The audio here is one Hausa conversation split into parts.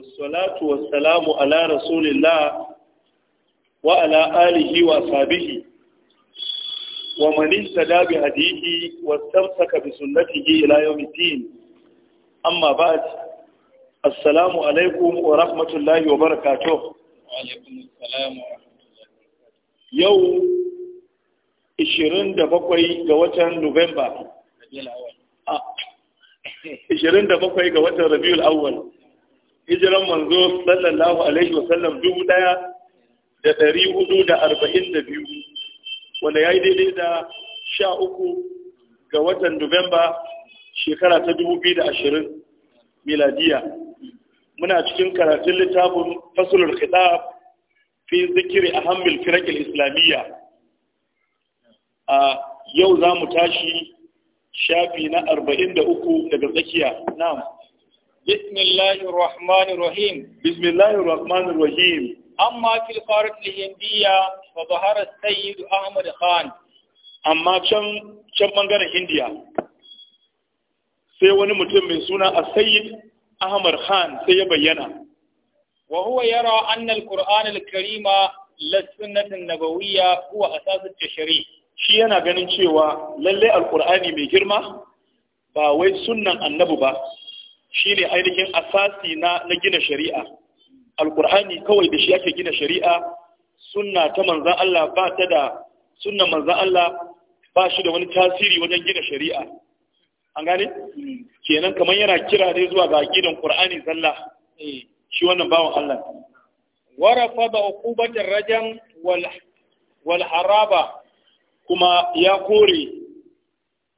wasu wassalamu ala rasulillah wa ala alihi wa sabihi wa manista da bi hadihi wasamsaka bi sunnatihi ila yawmiddin amma ba'd assalamu alaikum wa rahmatullahi wa barakatuh wa alaikum assalamu yau 27 ga watan 27 ga watan rabiul awwal hijiran manzo sallallahu alaihi wa sallam dubu daya da ɗari hudu da arba'in da biyu wanda ya yi daidai da sha uku ga watan Nuwamba shekara ta dubu biyu da ashirin miladiya muna cikin karatun littafin fasulul khitab fi zikiri a hamil firakil islamiyya a yau za mu tashi shafi na arba'in da uku daga tsakiya na'am بسم الله الرحمن الرحيم بسم الله الرحمن الرحيم أما في القارة الهندية فظهر السيد أحمد خان أما كم كم sai wani mutum suna a sayyid ahmad khan sai ya bayyana wa huwa yara anna alquran alkarima la sunnatun nabawiyya huwa asasut tashri shi yana ganin cewa lalle alqurani mai girma ba wai sunnan annabi ba shine ainihin asasi na na gina shari'a alkur'ani kawai da shi ake gina shari'a sunna ta manzan Allah ba ta da sunna manzan Allah ba shi da wani tasiri wajen gina shari'a an gane kenan kamar yana kira ne zuwa ga gidan qur'ani zalla shi wannan bawan Allah warafa da uqubatar rajam wal wal haraba kuma ya kore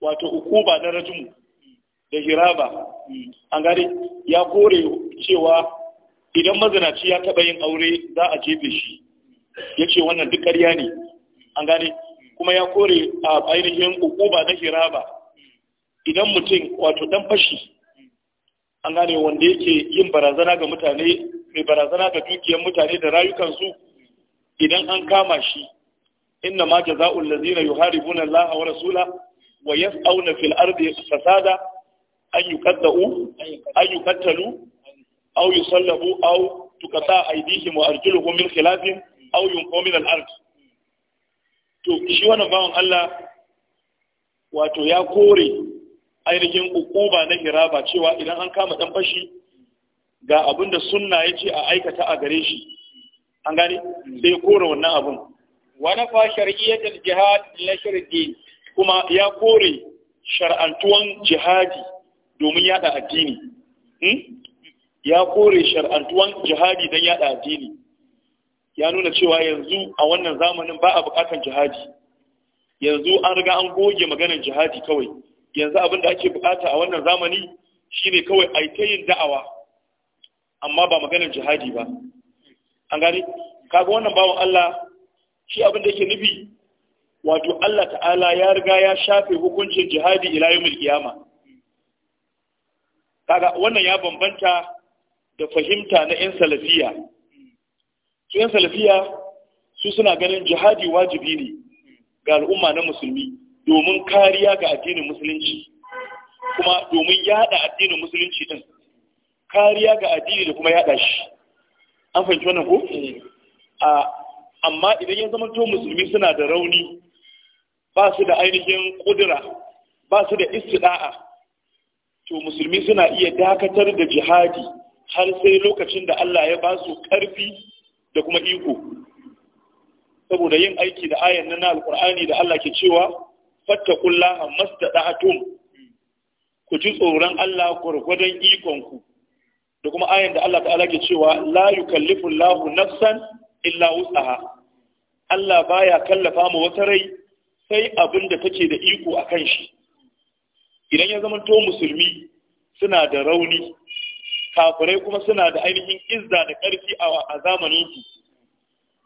wato ukuba na rajumu da hiraba an gane ya kore cewa idan mazinaci ya taɓa yin aure za a jefe shi ya ce wannan duk ƙarya ne an gane kuma ya kore a ainihin ukuba na hiraba idan mutum wato dan fashi an gane wanda yake yin barazana ga mutane mai barazana ga dukiyar mutane da rayukansu idan an kama shi inna ma jaza'ul ladzina yuharibuna Allah wa rasula wa yas'auna fil ardi fasada an yi kadda'u an yi kattalu au yi sallabu au tukata yi wa arjuluhum min khilafin au yunqu min al-ard to shi wannan bawan Allah wato ya kore ainihin ukuba na hiraba cewa idan an kama dan fashi ga abin da sunna ya ce a aikata a gare shi an gane sai kore wannan abin wani fa shari'iyyatul jihad la shirki kuma ya kore shar'antuwan jihadi domin yada addini hmm? ya kore shar'antuwan jihadi don yada addini ya nuna cewa yanzu a wannan zamanin ba a bukatan jihadi yanzu an riga an goge maganin jihadi kawai yanzu abin da ake bukata a wannan zamani shine kawai a ta yin da'awa amma ba maganin jihadi ba an gani kaga wannan bawan Allah shi abin da yake nufi wato Allah ta'ala ya riga ya shafe hukuncin jihadi ila yawmil kaga wannan ya bambanta da fahimta na 'yan salafiya su 'yan salafiya su suna ganin jihadi wajibi ne ga al'umma na musulmi domin kariya ga addinin musulunci kuma domin yada addinin musulunci din kariya ga addini da kuma yada shi an fahimci wannan ko amma idan ya zama to musulmi suna da rauni ba su da ainihin kudura ba su da istida'a to musulmi suna iya dakatar da jihadi har sai lokacin da Allah ya ba su ƙarfi da kuma iko saboda yin aiki da ayan na alkur'ani da Allah ke cewa da mastada'atum ku ji tsoron Allah gwargwadon ikonku da kuma ayan da Allah ta'ala ke cewa la yukallifu Allahu nafsan illa wus'aha Allah baya kallafa mu wata rai sai abin da take da iko a kan shi idan ya zama to musulmi suna da rauni kafirai kuma suna da ainihin izza da ƙarfi a zamanin su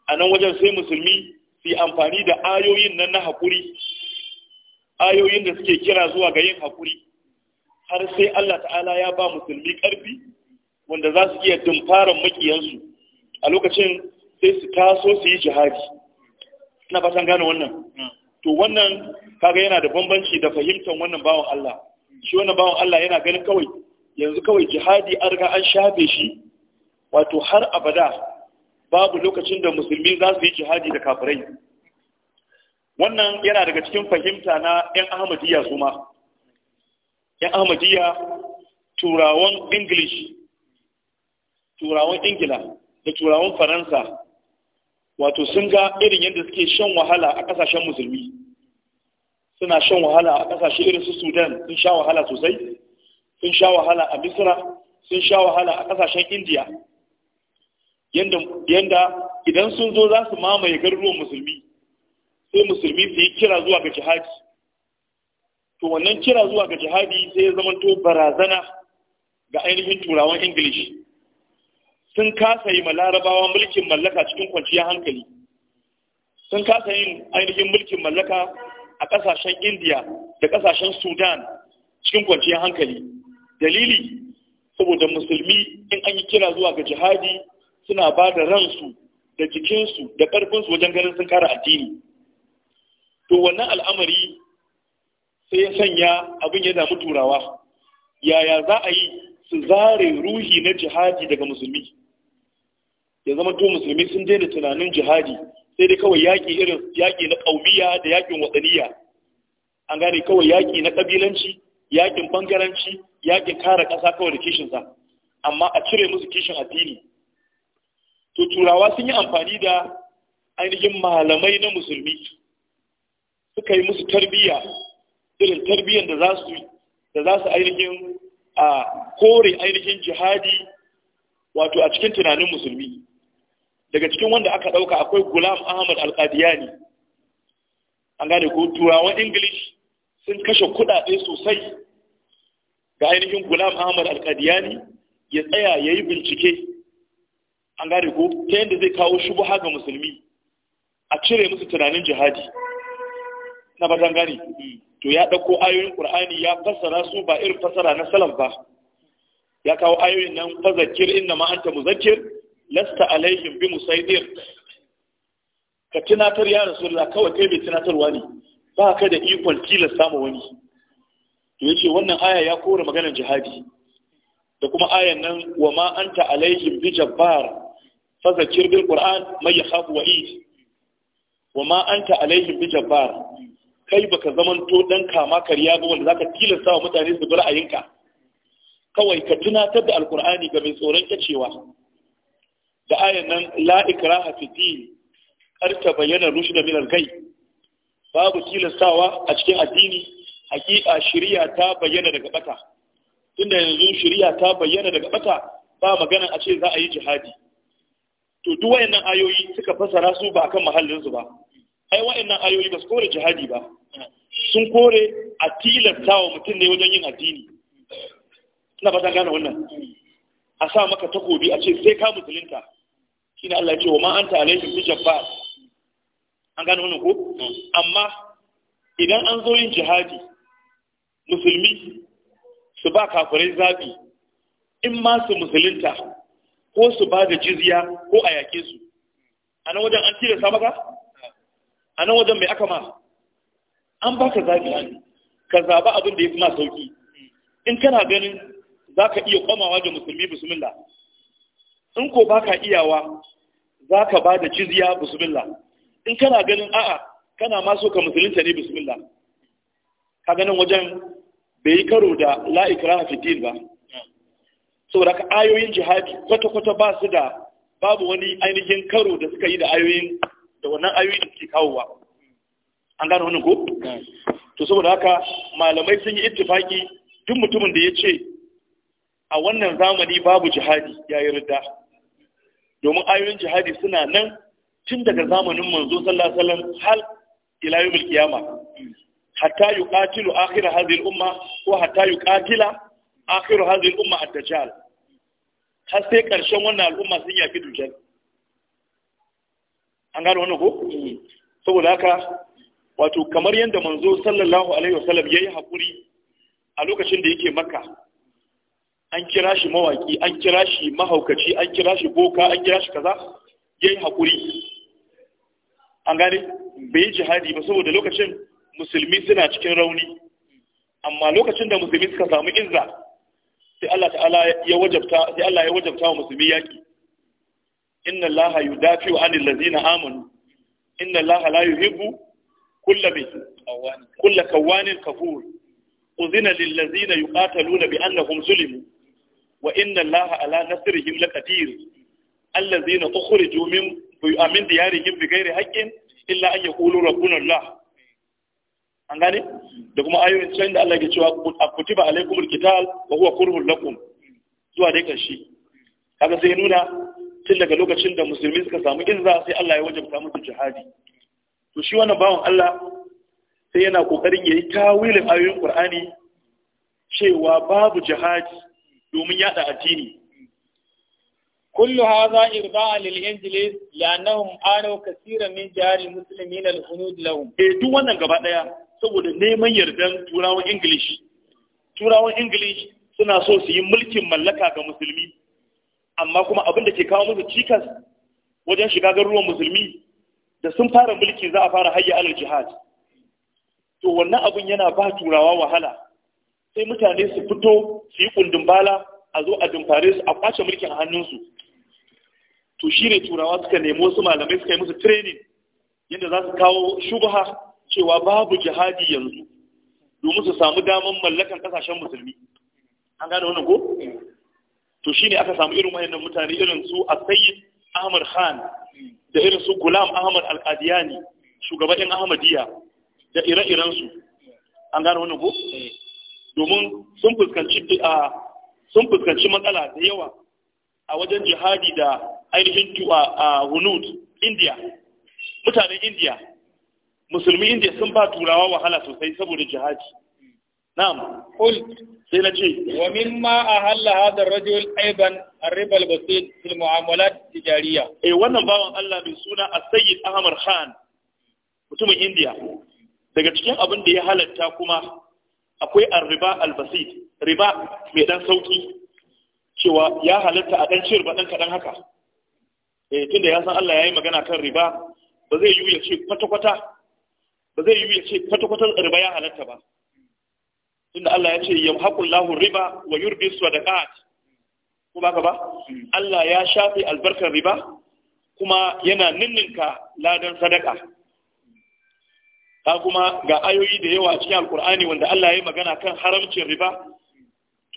a nan wajen sai musulmi su amfani da ayoyin nan na haƙuri ayoyin da suke kira zuwa ga yin haƙuri har sai Allah ta'ala ya ba musulmi ƙarfi wanda za su iya dumfaran makiyansu a lokacin sai su taso su yi jihadi ina fatan gane wannan hmm. to wannan kaga yana da bambanci da fahimtar wannan bawan Allah shi wannan bawan Allah yana ganin kawai yanzu kawai jihadi an riga an shafe shi wato har abada babu lokacin da musulmi za su yi jihadi da kafirai wannan yana daga cikin fahimta na 'yan ahmadiyya su ma 'yan ahmadiyya turawan english turawan ingila da turawan faransa wato sun ga irin yadda suke shan wahala a kasashen musulmi suna shan wahala a kasashe irin su sudan sun sha wahala sosai sun sha wahala a misra sun sha wahala a kasashen indiya yadda idan sun zo za su mamaye garuruwan musulmi sai musulmi su yi kira zuwa ga jihadi to wannan kira zuwa ga jihadi sai ya zama to barazana ga ainihin turawan ingilishi sun kasa yi larabawa mulkin mallaka cikin kwanciyar hankali sun kasa yin ainihin mulkin mallaka a kasashen indiya da kasashen sudan cikin kwanciyar hankali dalili saboda musulmi in an yi kira zuwa ga jihadi suna ba da ransu da jikinsu da ƙarfinsu wajen ganin sun kara addini to wannan al'amari sai ya sanya abin ya damu turawa yaya za a yi su zare ruhi na jihadi daga musulmi ya zama to musulmi sun daina tunanin jihadi sai dai kawai yaƙi irin yaƙi na ƙaumiya da yaƙin watsaniya an gane kawai yaƙi na ƙabilanci yaƙin bangaranci yaƙin kare ƙasa kawai da kishinsa amma a cire musu kishin addini to turawa sun yi amfani da ainihin malamai na musulmi suka yi musu tarbiyya irin tarbiyyar za su da za su ainihin a kore ainihin jihadi wato a cikin tunanin musulmi daga cikin wanda aka ɗauka akwai gulam ahmad alƙadiyani an gane ko turawan english sun kashe kuɗaɗe sosai ga ainihin gulam ahmad alƙadiyani ya tsaya ya yi bincike an gane ko ta yadda zai kawo shubuha ga musulmi a cire musu tunanin jihadi na ba gane mm. to ya ɗauko ayoyin ƙur'ani ya fassara su ba irin fassara na salaf ba ya kawo ayoyin nan fazakir inna ma anta muzakkir lasta alaihim bi musaidir ka tunatar ya rasulullah kawai kai mai tunatarwa ne ba ka da ikon tilasta ma wani to yace wannan aya ya kore maganar jihadi da kuma ayan nan wa ma anta alaihim bi jabbar fazakir bil qur'an may yakhafu wa'id wa ma anta alaihim bi jabbar kai baka zamanto dan kama karya ba wanda zaka tilasta wa mutane su bi ra'ayinka kawai ka tunatar da alkur'ani ga mai tsoron kacewa da ayan nan la ikraha fi karta bayyana rushda min al-gai babu tilastawa a cikin addini hakika shari'a ta bayyana daga bata tunda yanzu shari'a ta bayyana daga bata ba magana a ce za a yi jihadi to duk wayannan ayoyi suka fasara su ba akan mahallin su ba ai wayannan ayoyi ba su kore jihadi ba sun kore a tilasta wa mutum ne wajen yin addini ina ba ta gane wannan a sa maka takobi a ce sai ka musulunta shine Allah ya ce wa ma anta alaihim bi jabbar an gane wannan ko amma idan an zo yin jihadi musulmi su ba kafirai zabi in ma su musulunta ko su ba da jizya ko a yake su a nan wajen an tilasta maka a nan wajen mai aka ma an ba ka zaɓi an ka zaɓi abin da ya fi ma sauki in kana ganin za ka iya kwamawa da musulmi bismillah in ko ba ka iyawa za ka ba da ciziya. bismillah in kana ganin a'a kana ma so ka musulunta ne bismillah ka ganin wajen bai yi karo da la'ikira hafidin ba saboda ka ayoyin jihadi kwata-kwata ba su da babu wani ainihin karo da suka yi da ayoyin da wannan ayoyin da suke kawowa an gano wannan ko eh. to saboda haka malamai sun yi ittifaki duk mutumin da ya ce a wannan zamani babu jihadi ya yi ridda domin ayoyin jihadi suna nan tun daga zamanin manzo sallallahu alaihi wasallam hal ila yawmil qiyama hatta yuqatilu akhir hadhihi umma ko hatta yuqatila akhir hadhihi umma ad-dajjal har sai karshen wannan al'umma sun yaki dujjal an gano wannan ko mm. saboda haka wato kamar yadda manzo sallallahu alaihi wasallam yayi hakuri a lokacin da yake makka an kira shi mawaki an kira shi mahaukaci an kira shi boka an kira shi kaza yayi hakuri an gane bai yi jihadi ba saboda lokacin musulmi suna cikin rauni amma lokacin da musulmi suka samu izza sai Allah ta'ala ya wajabta sai Allah ya wajabta wa musulmi yaki inna Allah yudafi'u anil ladina amanu inna Allah la yuhibbu kulla bi kulla kawanin kafur uzina lillazina yuqataluna bi annahum zulimu wa inna allaha ala nasrihim laqadir allazina tukhriju min min diyarihim bi ghairi haqqin illa an yaqulu rabbuna allah an gane da kuma ayoyin can da Allah ke cewa kutiba alaikumul qital wa huwa kurhul lakum zuwa dai karshe kaga sai nuna tun daga lokacin da musulmi suka samu izza sai Allah ya wajabta musu jihadi to shi wannan bawan Allah sai yana kokarin yayi tawilin ayoyin Qur'ani cewa babu jihadi domin yada addini lil injilis la'annahum للإنجليز kaseeran min كثيرا al muslimin al hunud lahum Eh, duk wannan gaba daya saboda neman yardan turawan English turawan English suna so su yi mulkin mallaka ga musulmi amma kuma abin da ke kawo musu cikas wajen shiga garuruwan musulmi da sun fara mulki za a fara hayya alal jihad to wannan abun yana ba turawa wahala sai mutane su fito su yi kundin bala a zo a dumfare su a kwace mulkin hannunsu to shi ne turawa suka nemi wasu malamai suka yi musu training yadda za su kawo shubha cewa babu jihadi yanzu domin su samu damar mallakan kasashen musulmi an gane wannan ko to shine aka samu irin wayannan mutane irin su a sayyid ahmad khan da irin su gulam ahmad al-qadiyani shugabannin ahmadiyya da ire-iren su an gano wannan ko eh. domin sun fuskanci a sun fuskanci matsala da yawa a wajen jihadi da ainihin a Hunut india mutanen india musulmi india sun ba turawa wahala sosai saboda jihadi na'am qult sai na ce wa mimma ahalla hadha ar-rajul aiban ar-riba al-basit fil mu'amalat eh, wannan bawan Allah mai suna a sayyid Ahmad Khan mutumin Indiya. daga cikin abinda ya halatta kuma akwai riba mai cewa ya halatta a dan shirba ɗan kaɗan haka eh tunda ya san Allah yi magana kan riba ba zai yi ya ce kwata-kwata ba zai yi ya ce kwata-kwata riba ya halatta ba tunda Allah ya ce ya yamhaqullahu riba wa yurbi sadaqat ko ba ka ba Allah ya shafe albarkar riba kuma yana ninninka ladan sadaka ta kuma ga ayoyi da yawa a cikin alkur'ani wanda Allah ya magana kan haramcin riba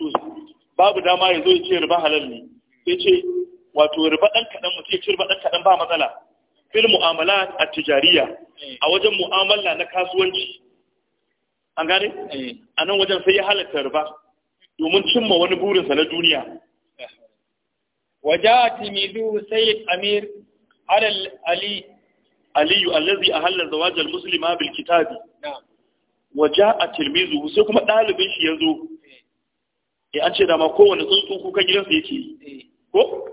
to babu dama ya zo ya ce riba halal ne sai ce wato riba dan kaɗan mutum ya ce riba dan kaɗan ba matsala fil mu'amala a tijariya a wajen mu'amala na kasuwanci an gane eh. a nan wajen sai ya halatta riba domin cimma wani burinsa na duniya waja timidu sayyid amir alal ali aliyu allazi da wajen musulma bil kitabi waja a tilmizu sai kuma ɗalibin shi ya zo ya eh. eh, an ce dama kowane tsuntsun kuka gidansa yake yi ko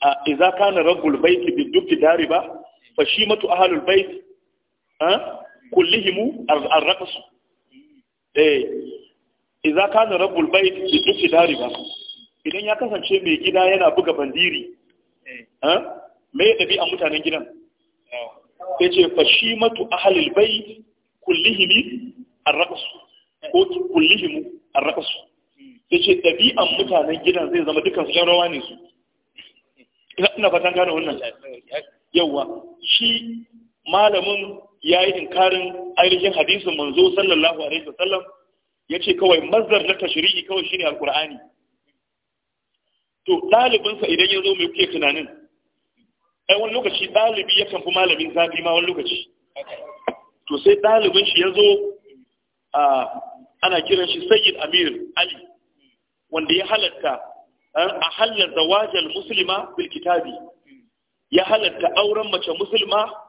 a iza kana rabbul baiti bi dukki dariba fa shi matu ahlul bait ha kullihimu arraqsu eh idza kana rabbul bait bi dariba idan ya kasance mai gida yana buga bandiri eh me ya dabi a mutanen gidan sai ce fashimatu ahlil bait kullihimi arraqsu ko kullihimu arraqsu sai ce dabi'an mutanen gidan zai zama dukan su ne su ina fatan gane wannan yawa shi malamin ya yi inkarin ainihin hadisin manzo sallallahu alaihi wasallam ya ce kawai mazar na tashiri'i kawai shine alkur'ani to ɗalibinsa idan ya zo mai kuke tunanin ai wani lokaci ɗalibi ya fi malamin zafi ma wani lokaci to sai ɗalibin shi ya zo ana kiran shi sayyid amir ali wanda ya halatta a halar zawajal musulma bil ya halatta auren mace musulma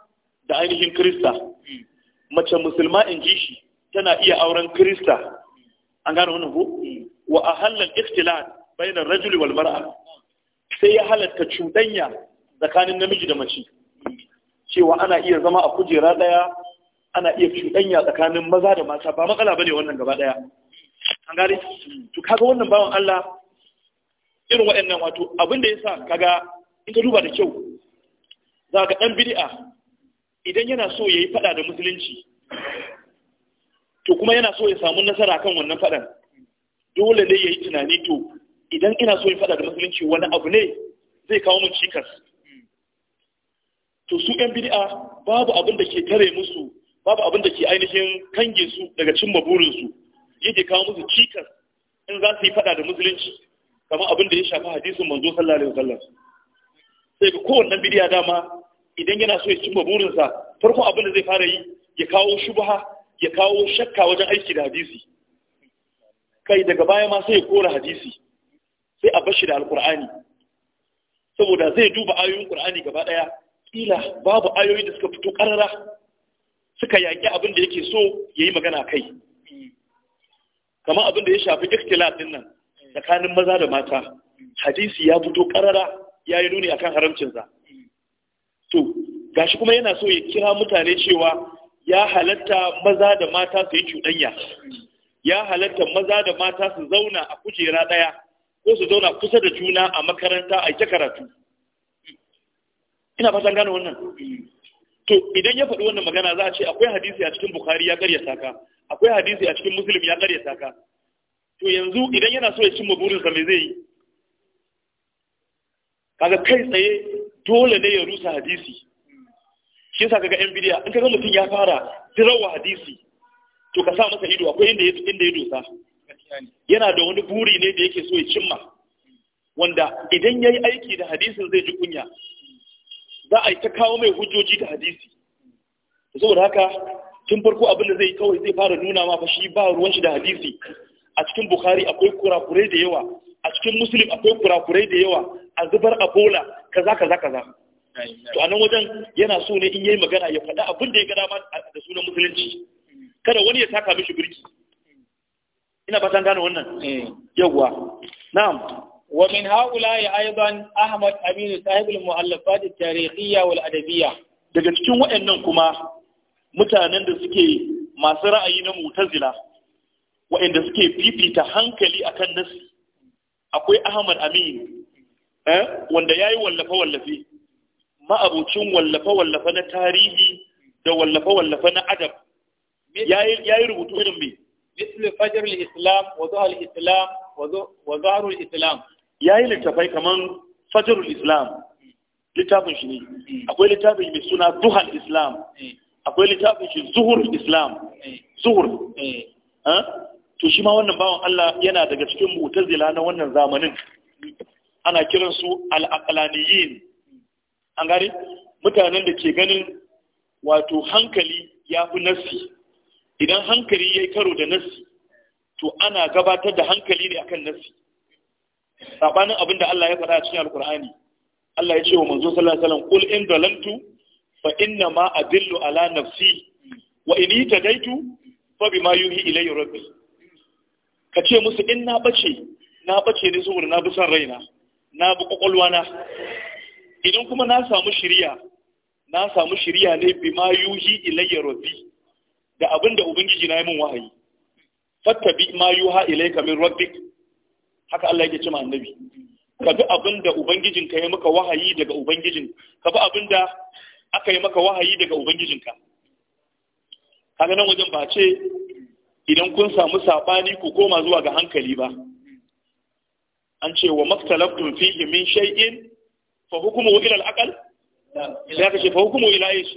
da ainihin Krista hmm. mace musulma in ji shi tana iya auren Krista an gane wannan ko hmm. wa a ahallal ikhtilat bainar rajuli wal mar'a sai ya halatta cuɗanya tsakanin namiji da mace cewa ana iya zama a kujera ɗaya ana iya cuɗanya tsakanin maza da mata ba matsala bane wannan gaba ɗaya an gane hmm. to kaga wannan bawan Allah irin waɗannan wato abin da sa kaga in ka duba da kyau za ka ɗan bid'a idan yana so ya yi fada da musulunci to kuma yana so ya samu nasara kan wannan fadan dole ne ya yi tunani to idan ina so ya fada da musulunci wani abu ne zai kawo mun cikas to su yan bid'a babu abin da ke tare musu babu abin da ke ainihin kange su daga cimma burinsu yake kawo musu cikas in za su yi fada da musulunci kamar abin da ya shafi hadisin manzo sallallahu alaihi wasallam sai ga kowannen bid'a dama idan yana so ya cimma burinsa farko abin da zai fara yi ya kawo shubha ya kawo shakka wajen aiki da hadisi kai daga baya ma sai ya kora hadisi sai a bashi da alkur'ani saboda zai duba ayoyin qur'ani gaba daya kila babu ayoyi da suka fito karara suka yaki abin da yake so ya yi magana kai kamar abin da ya shafi ikhtilaf din nan tsakanin maza da mata hadisi ya fito karara yayi nuni akan haramcin sa gashi kuma yana so ya kira mutane cewa ya halatta maza da mata su yi cuɗanya ya halatta maza da mata su zauna a kujera ɗaya ko su zauna kusa da juna a makaranta a ta karatu ina fatan gane wannan to idan ya faɗi wannan magana za a ce akwai hadisi a cikin bukhari ya karya saka akwai hadisi a cikin muslim ya karya saka to yanzu idan yana so ya cimma burinsa me zai yi kaga kai tsaye dole ne ya rusa hadisi shi yasa kaga yan bidiya in kaga mutum ya fara tirawa hadisi to ka sa masa ido akwai inda ya inda ya dosa yana da wani buri ne da yake so ya cimma wanda idan yayi aiki da hadisin zai ji kunya za a yi ta kawo mai hujjoji da hadisi saboda haka tun farko abin da zai kawai zai fara nuna ma fa shi ba ruwan shi da hadisi a cikin bukhari akwai kurakurai da yawa a cikin muslim akwai kurakurai da yawa a zubar a bola kaza kaza kaza to anan wajen yana so ne in yayi magana ya faɗa abin da ya ga dama da sunan musulunci kada wani ya taka mishi birki ina fatan gane wannan eh. yawwa na'am Wa ومن هؤلاء ahmad أحمد أمين صاحب da wal adabiyya daga cikin wayannan kuma mutanen da suke masu ra'ayi na mutazila wayanda suke fifita hankali akan nasi akwai Ahmad Amin eh, wanda ya yi wallafe-wallafe ma'abucin wallafe-wallafe na tarihi da wallafe-wallafe na adab ya yi rubutu irin mai misli fajar islam wa zuhar islam wa zuharul islam ya yi littafai kamar fajar islam littafin shi ne hmm. akwai littafin mai suna duhan islam hmm. akwai littafin shi zuhur islam hmm. zuhur to shi ma wannan bawan Allah yana daga cikin mu'tazila na wannan zamanin ana kiransu al-aqlaniyin an mutanen da ke ganin wato hankali ya fi nassi idan hankali ya yi karo da nassi to ana gabatar da hankali ne akan nassi sabanin abin da Allah ya faɗa a cikin alkur'ani Allah ya ce wa manzo sallallahu alaihi wasallam qul in dalantu fa inna ma adillu ala nafsi wa in tadaitu fa bima yuhi ilayya rabbi ka ce musu in na bace na bace ne saboda na bi son raina na bi kwakwalwana idan kuma na samu shiriya na samu shiriya ne bi ma yuhi ilayya rabbi da abin da ubangiji na yi min wahayi bi ma yuha ilayka min rabbik haka Allah yake cewa annabi ka bi abin da ka ya maka wahayi daga ubangijin ka bi abin da aka yi maka wahayi daga ka kaga nan wajen ba ce idan kun samu sabani ku koma zuwa ga hankali ba an ce wa maktalaftum fihi min shay'in fa hukumu ila al-aqal ya kace fa hukumu ila ish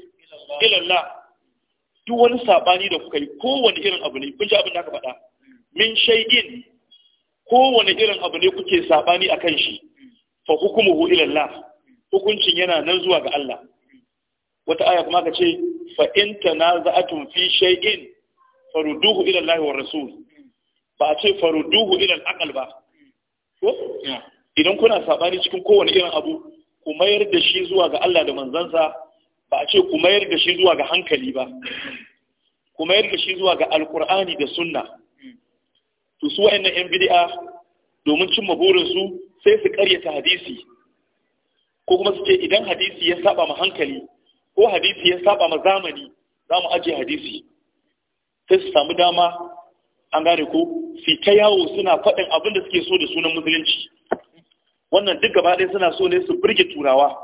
wani sabani da kuka yi kowane irin abu ne kun ji abin da aka faɗa min shay'in kowane irin abu ne kuke sabani akan shi fa hukumuhu ila hukuncin yana nan zuwa ga Allah wata aya kuma aka ce fa in fi wa ba a ce farudduhu ba idan kuna sabani cikin kowane irin abu ku mayar da shi zuwa ga Allah da manzansa ba a ce ku mayar da shi zuwa ga hankali ba ku mayar da shi zuwa ga alkur'ani da sunna to su wa'annan yan bid'a domin cimma su sai su karyata hadisi ko kuma su ce idan hadisi ya saba ma hankali ko hadisi ya saba ma zamani za mu ajiye hadisi sai su samu dama an gane ko su ta yawo suna faɗin abin da suke so da sunan musulunci wannan duk gaba ɗaya suna so ne su burge turawa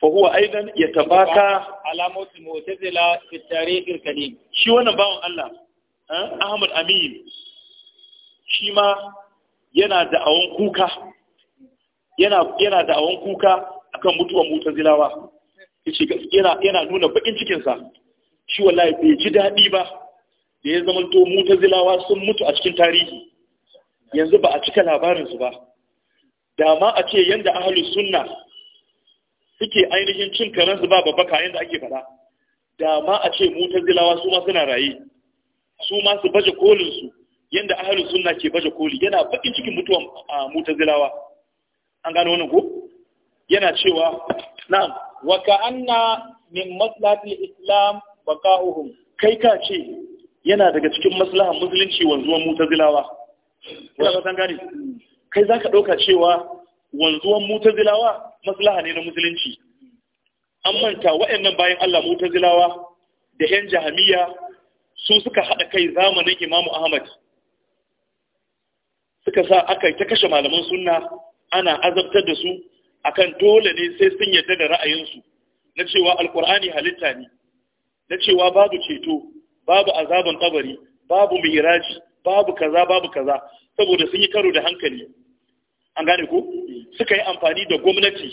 fa huwa aidan yatabaka alamatu mu'tazila fi tarihin al shi wannan bawon Allah Ahmad Amin shi ma yana da awon kuka yana yana da awon kuka akan mutuwar mu'tazilawa yace yana yana nuna bakin cikin sa shi wallahi bai ji dadi ba da ya zama to mu'tazilawa sun mutu a cikin tarihi yanzu ba a cika labarinsu ba da ma a ce yadda ahalus sunna suke ainihin cin karansu ba babba babbaka yadda ake fada da ma a ce mutazilawa su ma suna raye su ma su baje kolinsu yadda ahalus sunna ke baje koli yana bakin cikin mutuwan mutazilawa an gano wannan ko yana cewa na'am wa ka'anna min maslahatil islam baqa'uhum kai ka ce yana daga cikin maslahan musulunci wanzuwan mutazilawa kuna ba san gane kai za ka ɗauka cewa wanzuwan mutazilawa maslaha ne na musulunci an manta wa'annan bayan Allah mutazilawa da 'yan jahamiya su suka haɗa kai zamanin imamu ahmad suka sa aka ta kashe malaman sunna ana azabtar da su akan dole ne sai sun yarda da ra'ayinsu na cewa alkur'ani halitta ne na cewa babu ceto babu azaban kabari babu mihiraji babu kaza babu kaza saboda sun yi karo da hankali an gane ku suka yi amfani da gwamnati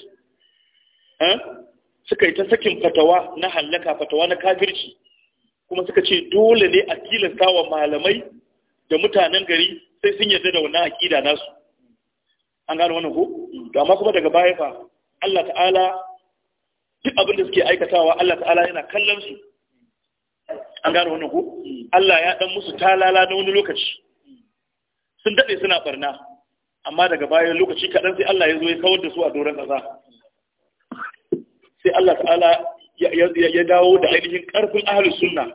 eh? suka yi ta sakin fatawa na hallaka fatawa na kafirci kuma suka ce dole ne a tilasta wa malamai da mutanen gari sai sun yarda da wannan aƙida nasu an gane wannan ko to amma kuma daga baya fa Allah ta'ala duk abin da suke aikatawa Allah ta'ala yana kallon su an gano wannan ku? Allah ya dan musu talala na wani lokaci sun daɗe suna barna amma daga bayan lokaci kaɗan sai Allah ya zo ya kawar da su a doron ƙasa sai Allah ta'ala ya dawo da ainihin ƙarfin ahli sunna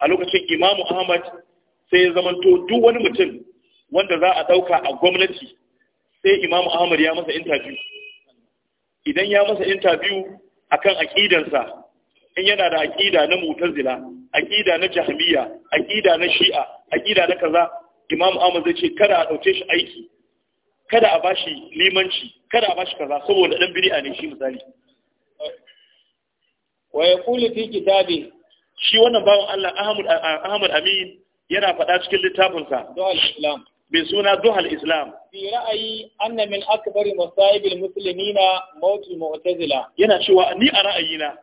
a lokacin imamu ahmad sai ya zamanto duk wani mutum wanda za a ɗauka a gwamnati sai imamu ahmad ya masa intabiyu idan ya masa interview akan aƙidansa in yana da aƙida na mutazila aqida na jahmiya aqida na shi'a aqida na kaza imam ahmad zai ce kada a dauke shi aiki kada a bashi limanci kada a bashi kaza saboda dan bid'a ne shi misali wa yaqulu fi kitabi shi wannan bawon Allah Ahmad Ahmad Amin yana faɗa cikin littafinsa Duhal Islam bi suna Duhal Islam fi ra'ayi anna min akbari masa'ib al-muslimina maut mutazila yana cewa ni a ra'ayina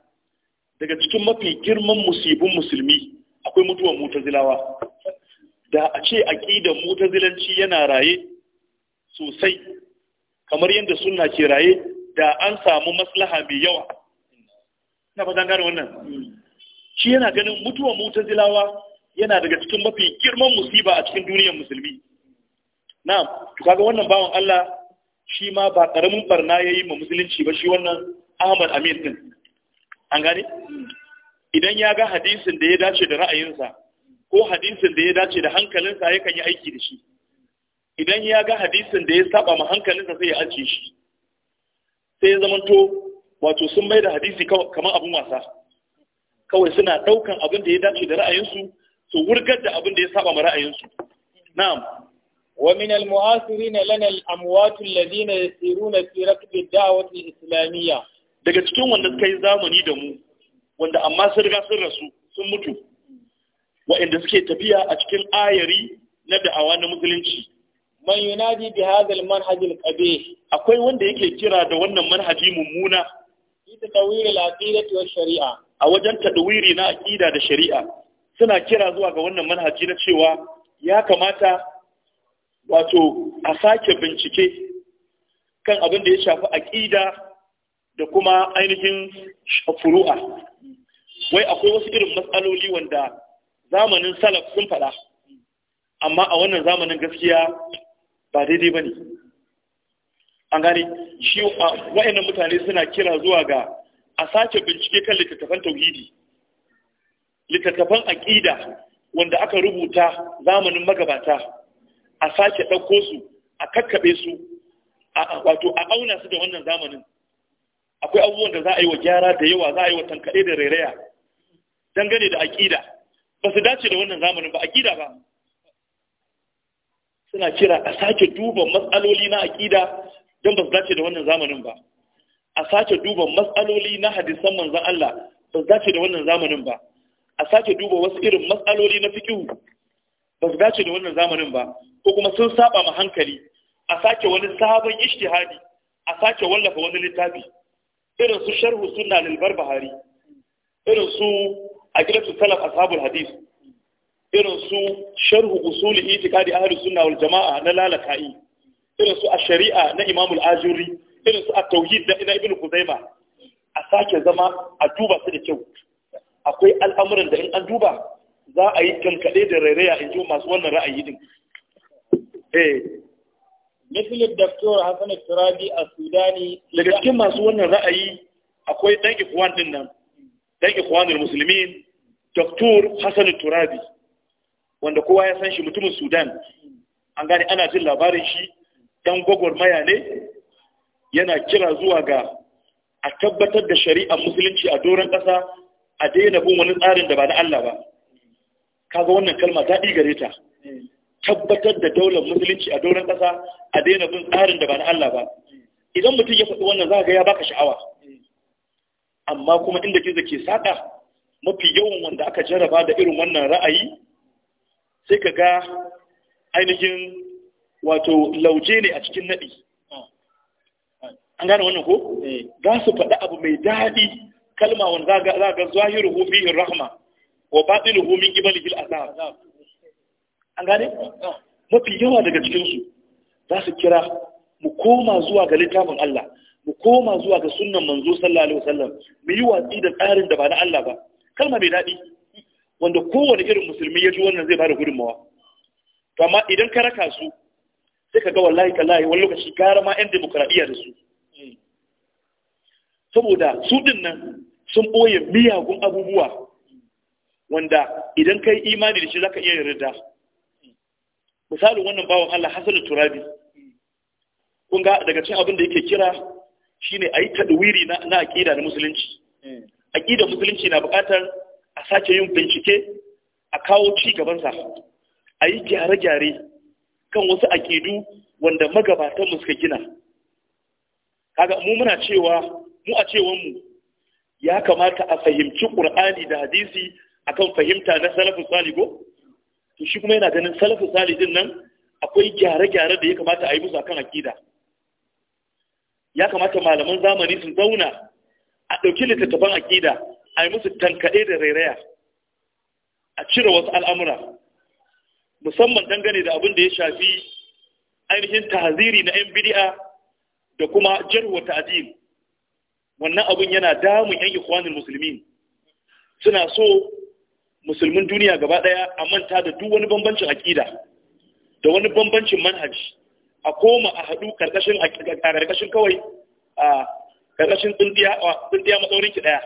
daga cikin mafi girman musibin musulmi akwai mutuwan mutazilawa da a ce aƙidan mutazilanci yana raye sosai kamar yadda suna ke raye da an samu maslaha mai yawa ina fatan gane wannan shi yana ganin mutuwan mutazilawa yana daga cikin mafi girman musiba a cikin duniyar musulmi Na to kaga wannan bawan Allah shi ma ba karamin barna yi ma musulunci ba shi wannan Ahmad Amir din an gane idan ya ga hadisin da ya dace da ra'ayinsa ko hadisin da ya dace da hankalinsa yakan yi aiki da shi idan ya ga hadisin da ya saba ma hankalinsa sai ya ajiye shi sai ya zamanto wato sun mai da hadisi kamar abin wasa kawai suna ɗaukan abin da ya dace da ra'ayinsu su wurgar da abin da ya saba ma ra'ayinsu na'am ومن المعاصرين لنا الأموات الذين يسيرون في ركب al islamiyya. daga cikin wanda suka yi zamani da mu wanda amma sun riga sun rasu sun mutu wa'inda suke tafiya a cikin ayari na da'awa na musulunci man yunadi bi hadhal manhaj al akwai wanda yake kira da wannan manhaji mummuna fi tawil al aqidati wa shari'a a wajen tadwiri na aqida da shari'a suna kira zuwa ga wannan manhaji na cewa ya kamata wato a sake bincike kan abin da ya shafi aqida da kuma ainihin furu'a wai akwai wasu irin matsaloli wanda zamanin salaf sun faɗa amma a wannan zamanin gaskiya ba daidai ba ne an gane shi wa'annan mutane suna kira zuwa ga a sake bincike kan littattafan tauhidi littattafan aƙida wanda aka rubuta zamanin magabata a sake ɗauko su a kakkaɓe su wato a auna su da wannan zamanin akwai abubuwan da za a yi wa gyara da yawa za a yi wa tankaɗe da rairaya dangane da aƙida ba su dace da wannan zamanin ba aƙida ba suna kira a sake duba matsaloli na aƙida don ba su dace da wannan zamanin ba a sake duba matsaloli na hadisan manzan Allah ba su dace da wannan zamanin ba a sake duba wasu irin matsaloli na fikihu ba su dace da wannan zamanin ba ko kuma sun saba ma hankali a sake wani sabon ishtihadi a sake wallafa wani littafi irin su sharhu suna lilbar Buhari. irin su su salaf ashabul hadis irin su sharhu usuli itikadi ahli sunna wal jamaa na lalaka'i irin su ash-shari'a na imam al-ajuri irin su at-tauhid da ina ibnu kuzaima a sake zama a duba su da kyau akwai al'amuran da in an duba za a yi kankade da rairaya in ji masu wannan ra'ayi din eh. مثل الدكتور حسن a sudani daga cikin masu wannan ra'ayi akwai dan ikwan din nan dan ikwanul muslimin doktor Hassan Turabi wanda kowa ya san shi mutumin Sudan an gane ana jin labarin shi dan gwagwarmaya ne yana kira zuwa ga a tabbatar da shari'ar musulunci a doron ƙasa a daina bin wani tsarin da ba na Allah ba kaga wannan kalma daɗi gare ta tabbatar da daular musulunci a doron ƙasa a daina bin tsarin da ba na Allah ba idan mutum ya faɗi wannan za ga ya baka sha'awa amma kuma inda gizo ke saɗa mafi yawan wanda aka jaraba da irin wannan ra'ayi sai ka ga ainihin wato lauje ne a cikin naɗi an gane wannan ko eh. za su faɗi abu mai daɗi kalma wanda za ga zahiru hu fihin rahma wa baɗilu hu min ibalihil azab an gane mafi yawa daga cikinsu za su kira mu koma zuwa ga littafin Allah mu koma zuwa ga sunan manzo sallallahu alaihi wasallam mu yi watsi da tsarin da ba na Allah ba kalma mai daɗi wanda kowane irin musulmi ya ji wannan zai bada gudunmawa to amma idan ka raka su sai ka ga wallahi lahi wani lokaci gara ma yan demokradiyya da su saboda su din nan sun ɓoye miyagun abubuwa wanda idan ka yi imani da shi za ka iya yarda misalin wannan bawan Allah hasalin turabi kun ga daga cikin abin da yake kira shine ayi yi tadwiri na na aqida na musulunci hmm. aqida musulunci na buƙatar a sake yin bincike a kawo ci gaban sa a gyare-gyare kan wasu aqidu wanda magabatan mu suka gina kaga mu muna cewa mu a cewan mu ya kamata a fahimci Qur'ani da hadisi akan fahimta na salafin salihu to shi kuma yana ganin salafu salihin nan akwai gyare-gyare da ya kamata a yi musu akan akida ya kamata malaman zamani su zauna a ɗauki littattafan akida a yi musu tankaɗe da rairaya a cire wasu al'amura musamman dangane da abin da ya shafi ainihin tahaziri na 'yan bidi'a da kuma jarwa ta'adil wannan abin yana damun 'yan ikwanin musulmi suna so musulmin duniya gaba ɗaya a manta da duk wani bambancin aƙida da wani bambancin manhaji a koma a haɗu ƙarƙashin ƙarƙashin kawai a ƙarƙashin tsintiya matsaurin ki ɗaya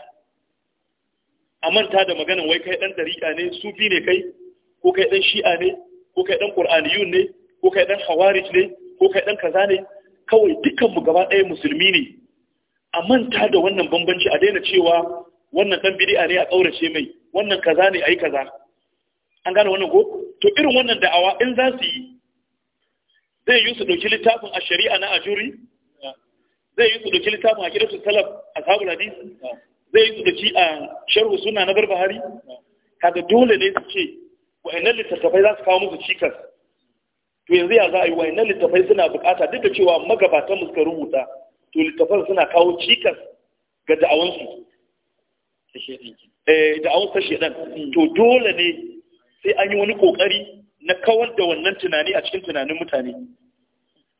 a manta da maganin wai kai ɗan ɗariƙa ne sufi ne kai ko kai ɗan shi'a ne ko kai ɗan ƙur'aniyun ne ko kai ɗan hawarij ne ko kai ɗan kaza ne kawai dukkanmu gaba ɗaya musulmi ne a manta da wannan bambanci a daina cewa wannan ɗan bidi'a ne a ƙaurace mai wannan kaza ne ayi kaza an gane wannan ko to irin wannan da'awa in za su yi zai yi su ɗauki littafin a shari'a na ajuri zai yi su ɗauki littafin a kiratun talab a sabul hadis zai yi su ɗauki a sharhu suna na barbahari kaga dole ne su ce wa'annan littattafai za su kawo musu cikas to yanzu ya za a yi wa'annan littattafai suna bukata duk da cewa magabatan mu suka rubuta to littattafan suna kawo cikas ga da'awansu Eh, da awon sashe ɗan hmm. to dole ne sai an yi wani kokari na kawar da wannan tunani a cikin tunanin mutane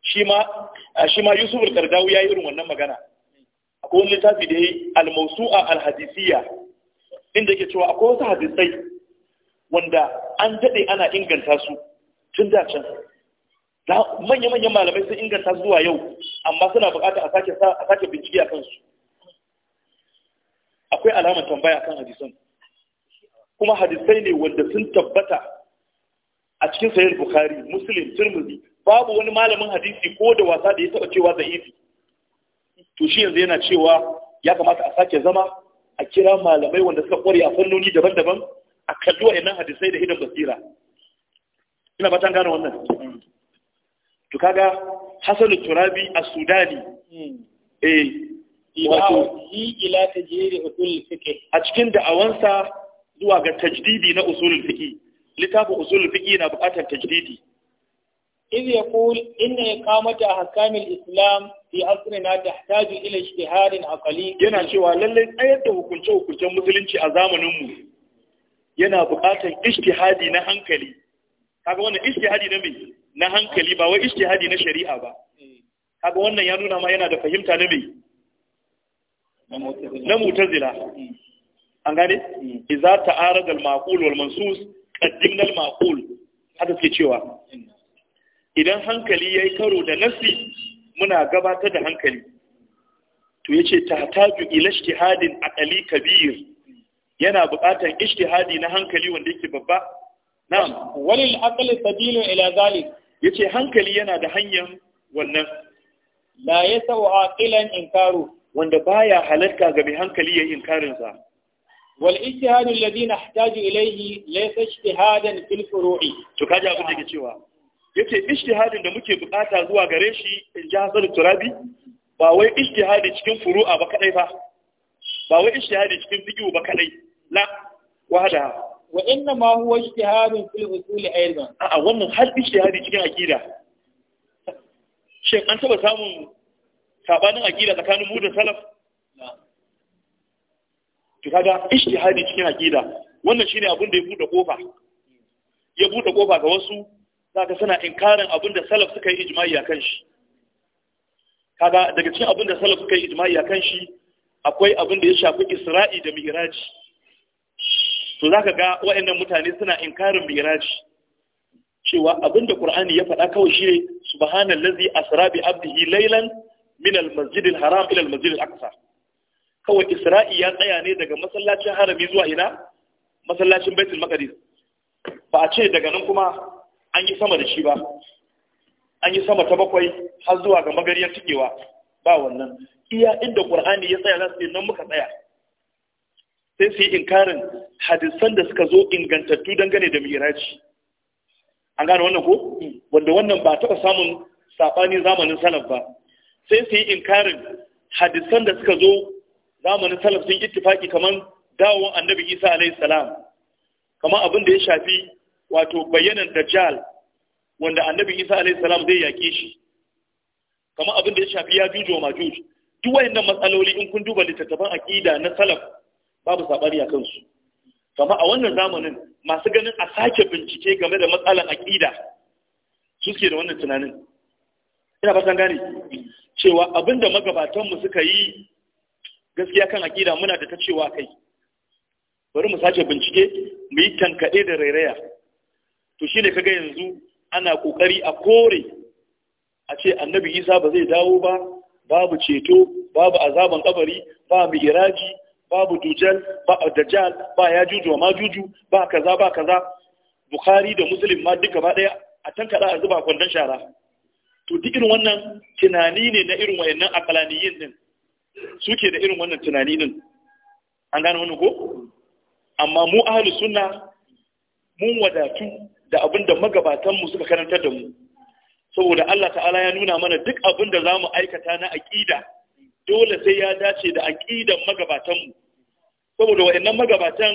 shi ma Yusuf al ya yi irin wannan magana akwai wani littafi da ya yi mawsua al-hadisiyya inda yake cewa akwai wasu hadisai wanda an dade ana inganta su tun da can manya-manyan malamai sun inganta zuwa yau amma suna bukata a sake bincike a kansu akwai alamar tambaya kan hadisan kuma hadisai ne wanda sun tabbata a cikin sayar bukhari muslim turmuzi babu wani malamin hadisi ko da wasa da ya taba cewa da'ifi to shi yanzu yana cewa ya kamata a sake zama a kira malamai wanda suka kware a fannoni daban-daban a kalli wa'annan hadisai da idan basira ina ba ta gane wannan to kaga turabi a sudani hmm. eh ila tajiri usul fiqh a cikin da'awansa zuwa ga tajdidi na usulul fiqh littafin usulul fiqh na buƙatar tajdidi إذ يقول إن إقامة أحكام الإسلام في عصرنا تحتاج إلى اجتهاد عقلي yana cewa lallai tsayar da hukunce-hukuncen musulunci a zamaninmu yana buƙatar ijtihadi na hankali kaga wannan ijtihadi na mai na hankali ba wai ijtihadi na shari'a ba eh. kaga wannan ya nuna ma yana da fahimta na mai na mutazila an gane idza ta'arada al-maqul wal mansus qaddimna al-maqul haka ke cewa idan hankali yayi karo da nafsi muna gabatar da hankali to yace taju ila ijtihadin aqli kabir yana buƙatar ijtihadi na hankali wanda yake babba na'am walil aqli sabilu ila zalik yace hankali yana da hanyar wannan la yasau aqilan inkaru wanda baya halarta ga mai hankali ya karin sa wal ijtihad alladhi nahtaju ilayhi laysa ijtihadan fil furu'i to kaji abin da ke cewa yace ijtihadin da muke bukata zuwa gare shi in ji hasan turabi ba wai ijtihadi cikin furu'a ba kadai ba ba wai ijtihadi cikin fiqh ba kadai la wahada wa inna ma huwa ijtihadun fil usul aidan a wannan har ijtihadi cikin aqida shin an taba samun sabanin aqida tsakanin mu da salaf to kaga ijtihadi cikin aqida wannan shine abin da ya bude kofa ya bude kofa ga wasu zaka suna inkarin abin da salaf suka yi ijma'i akan shi kaga daga cikin abin da salaf suka yi ijma'i akan shi akwai abin da ya shafi isra'i da miraji to zaka ga waɗannan mutane suna inkarin miraji cewa abin da qur'ani ya faɗa kawai shine subhanallazi asra bi abdihi laylan min al-masjid al-haram ila al-masjid al-aqsa kawai isra'i ya tsaya ne daga masallacin harami zuwa ina masallacin baitul maqdis ba a ce daga nan kuma an yi sama da shi ba an yi sama ta bakwai har zuwa ga magariyar tikewa ba wannan iya inda qur'ani ya tsaya zasu nan muka tsaya sai su yi inkarin hadisan da suka zo ingantattu dangane da miraci an gane wannan ko wanda wannan ba taɓa samun saɓani zamanin salaf ba sai su yi inkarin hadisan da suka zo zamanin salaf sun ittifaki kamar dawon annabi isa alaihi salam kamar abin da ya shafi wato bayyanan dajjal wanda annabi isa alaihi salam zai yaƙe shi kamar abin da ya shafi ya jujo majuj duk wayannan matsaloli in kun duba littattafan aqida na salaf babu sabari a kansu kamar a wannan zamanin masu ganin a sake bincike game da matsalan aqida su suke da wannan tunanin ina fatan gane cewa abin abinda magabatanmu suka yi gaskiya kan aƙida muna da ta cewa kai bari mu sace bincike mu yi tankaɗe da rairaya to shine kaga yanzu ana ƙoƙari a kore a ce annabi isa ba zai dawo ba babu ceto babu azaban kabari ba mu iraji babu dujal ba dajjal ba ya juju ma juju, ba kaza ba kaza bukhari da muslim ma duka ba daya a tankaɗa a zuba kwandon shara to duk irin wannan tunani ne na irin wayannan akalaniyin din suke da irin wannan tunani din an gane wannan ko amma mu ahli sunna mun wadatu da abinda magabatan mu suka karantar da mu saboda Allah ta'ala ya nuna mana duk abinda zamu aikata na aqida dole sai ya dace da aqidan magabatan mu saboda wayannan magabatan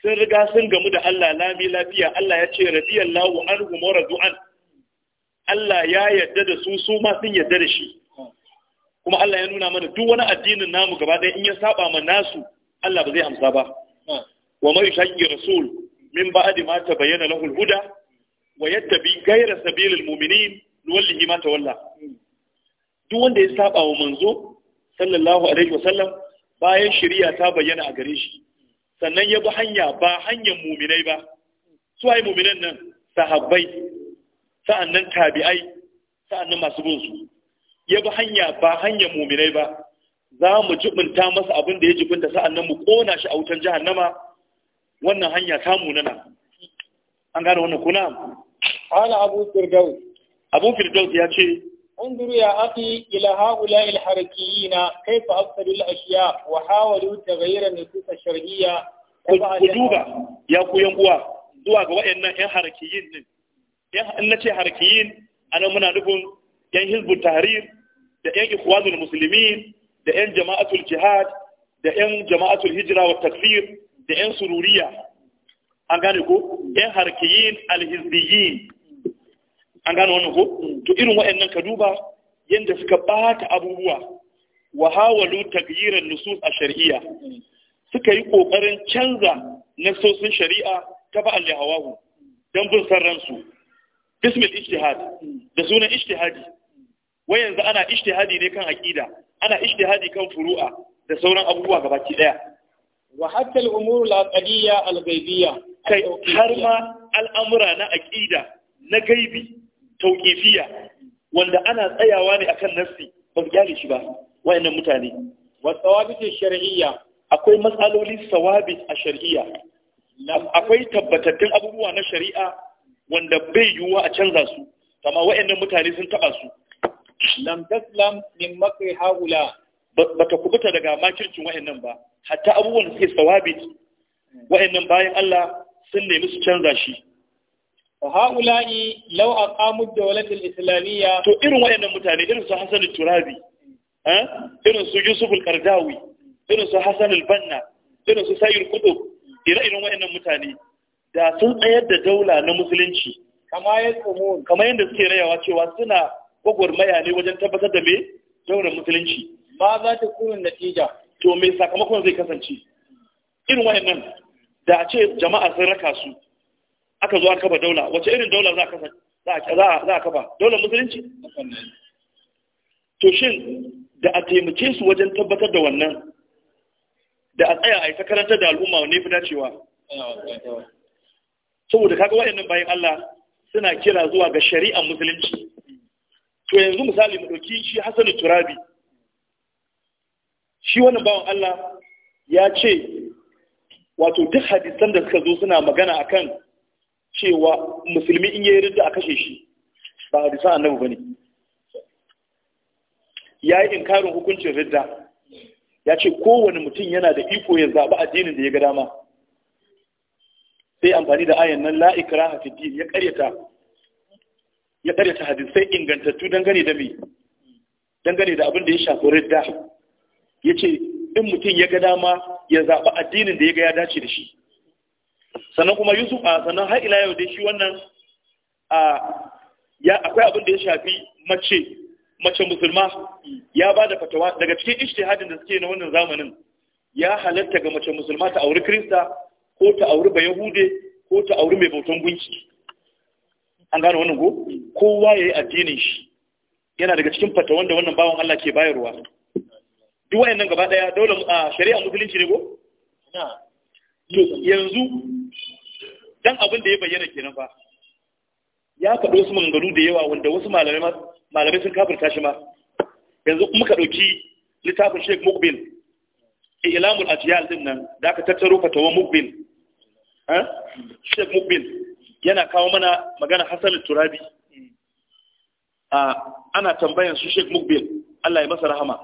sun riga sun gamu da Allah lami lafiya Allah ya ce radiyallahu anhu wa radu'an Allah ya yarda da su su ma sun yarda da shi kuma Allah ya nuna mana duk wani addinin namu gaba ɗaya in ya saba ma nasu Allah ba zai amsa ba wa mai shaƙi rasul min ba'di ma tabayyana lahu al-huda wa yattabi ghayra sabilil mu'minin nuwallihi ma tawalla duk wanda ya saba wa manzo sallallahu alaihi wa sallam bayan shari'a ta bayyana a gare shi sannan ya bi hanya ba hanyar mu'minai ba su ai mu'minan nan sahabbai sa'annan tabi'ai sa'annan masu bin ya bi hanya ba hanyar muminai ba za mu jibinta masa abin da ya jibinta sa'annan mu kona shi a wutan jihar Nama. wannan hanya ta munana an gane wannan kuna ala abu firdaus abu firdaus ya ce انظر يا أخي إلى هؤلاء الحركيين كيف أفسدوا الأشياء وحاولوا تغيير النصوص الشرعية ku duba ya ku yan uwa zuwa ga waɗannan 'yan harakiyin din in na ce harkiyin nan muna nufin yan hizbut tahrir da yan ikhwanul muslimin da yan jama'atul jihad da yan jama'atul hijra wa takfir da yan sururiya an gane ko yan harkiyin alhizbiyin an gane wannan ko to irin waɗannan ka duba yadda suka bata abubuwa wa hawalu tagyiran nusus a shari'a suka yi kokarin canza nasosin shari'a ta ba'al hawahu don bin san ransu bismil ijtihad da sunan ijtihadi wai yanzu ana ijtihadi ne kan aqida ana ijtihadi kan furu'a da sauran abubuwa gabaki daya wa hatta al-umur al-aqdiyya al-ghaybiyya kai har ma al'amura na aqida na gaibi tauqifiyya wanda ana tsayawa ne akan nassi ba su gyare shi ba wayannan mutane wa thawabit shar'iyya akwai matsaloli thawabit a shar'iyya akwai tabbatattun abubuwa na shari'a wanda bai yiwuwa a canza su kama wa'annan mutane sun taba su lam taslam min makri haula bata kubuta daga makircin wa'annan ba hatta abubuwan suke sawabit wa'annan bayan Allah sun nemi su canza shi wa haula'i law aqamu dawlat al-islamiyya to irin wa'annan mutane irin su Hassan al-Turabi eh irin su Yusuf al-Qardawi irin su Hassan al-Banna irin su Sayyid Qutb ire-iren wa'annan mutane da sun tsayar da daula na musulunci kamar yadda suke rayawa cewa suna gwagwarmaya ne wajen tabbatar da mai daular musulunci ba za ta kunin natija to mai sakamakon zai kasance irin wayannan da a ce jama'a sun raka su aka zo an kafa daula wace irin daula za a kafa daular musulunci to shin da a taimake su wajen tabbatar da wannan da a tsaya a yi ta karantar da al'umma ne fi dacewa saboda ka ga waɗannan bayan Allah suna kira zuwa ga shari'ar musulunci to yanzu misali mu dauki shi Hassan Turabi shi wannan bawan Allah ya ce wato duk hadisan da suka zo suna magana akan cewa musulmi in yi ridda a kashe shi ba hadisan annabi bane yayi yi inkarin hukuncin ridda ya ce kowane mutum yana da iko ya zaɓi addinin da ya ga dama sai amfani da ayan nan la ikraha fi din ya karyata ya karyata hadisai ingantattu dangane da me dangane da abin da ya shafi ridda yace in mutum ya ga dama ya zaɓi addinin da ya ga ya dace da shi sannan kuma yusuf a sannan har ila yau da shi wannan a ya akwai abin da ya shafi mace mace musulma ya ba da fatawa daga cikin hadin da suke na wannan zamanin ya halatta ga mace musulma ta auri krista ko ta auri ba yahude ko ta auri mai bautan gunki an gane wannan go? kowa ya yi addinin shi yana daga cikin fata wanda wannan bawan Allah ke bayarwa duk wayannan gaba daya dole a shari'a musulunci ne go? to yanzu dan abin da ya bayyana kenan fa ya faɗo wasu mangaru da yawa wanda wasu malamai sun kafirta shi ma yanzu muka ɗauki littafin sheik mukbil ilamul ajiyal din nan da aka tattaro fatawan mukbil Eh? Sheikh Mubin yana kawo mana magana Hassan Turabi ah, ana tambayan su Sheikh Mubin Allah ya masa rahama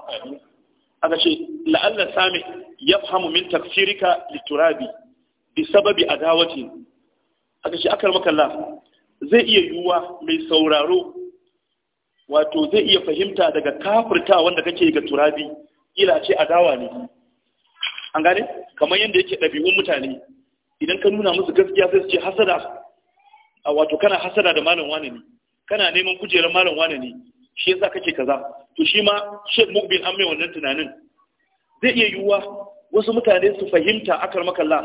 aka ce la'alla sami yafhamu min tafsirika liturabi bi sababi adawati aka ce akar makalla zai iya yiwuwa mai sauraro wato zai iya fahimta daga kafirta wanda kake ga turabi ila ce adawa ne an gane kamar yadda yake ɗabi'un mutane idan ka nuna musu gaskiya sai su ce hasada a wato kana hasada da malam wane ne kana neman kujerar malam wane ne shi yasa kake kaza to shi ma shek Mukbil an mai wannan tunanin zai iya yiwuwa wasu mutane su fahimta akar makalla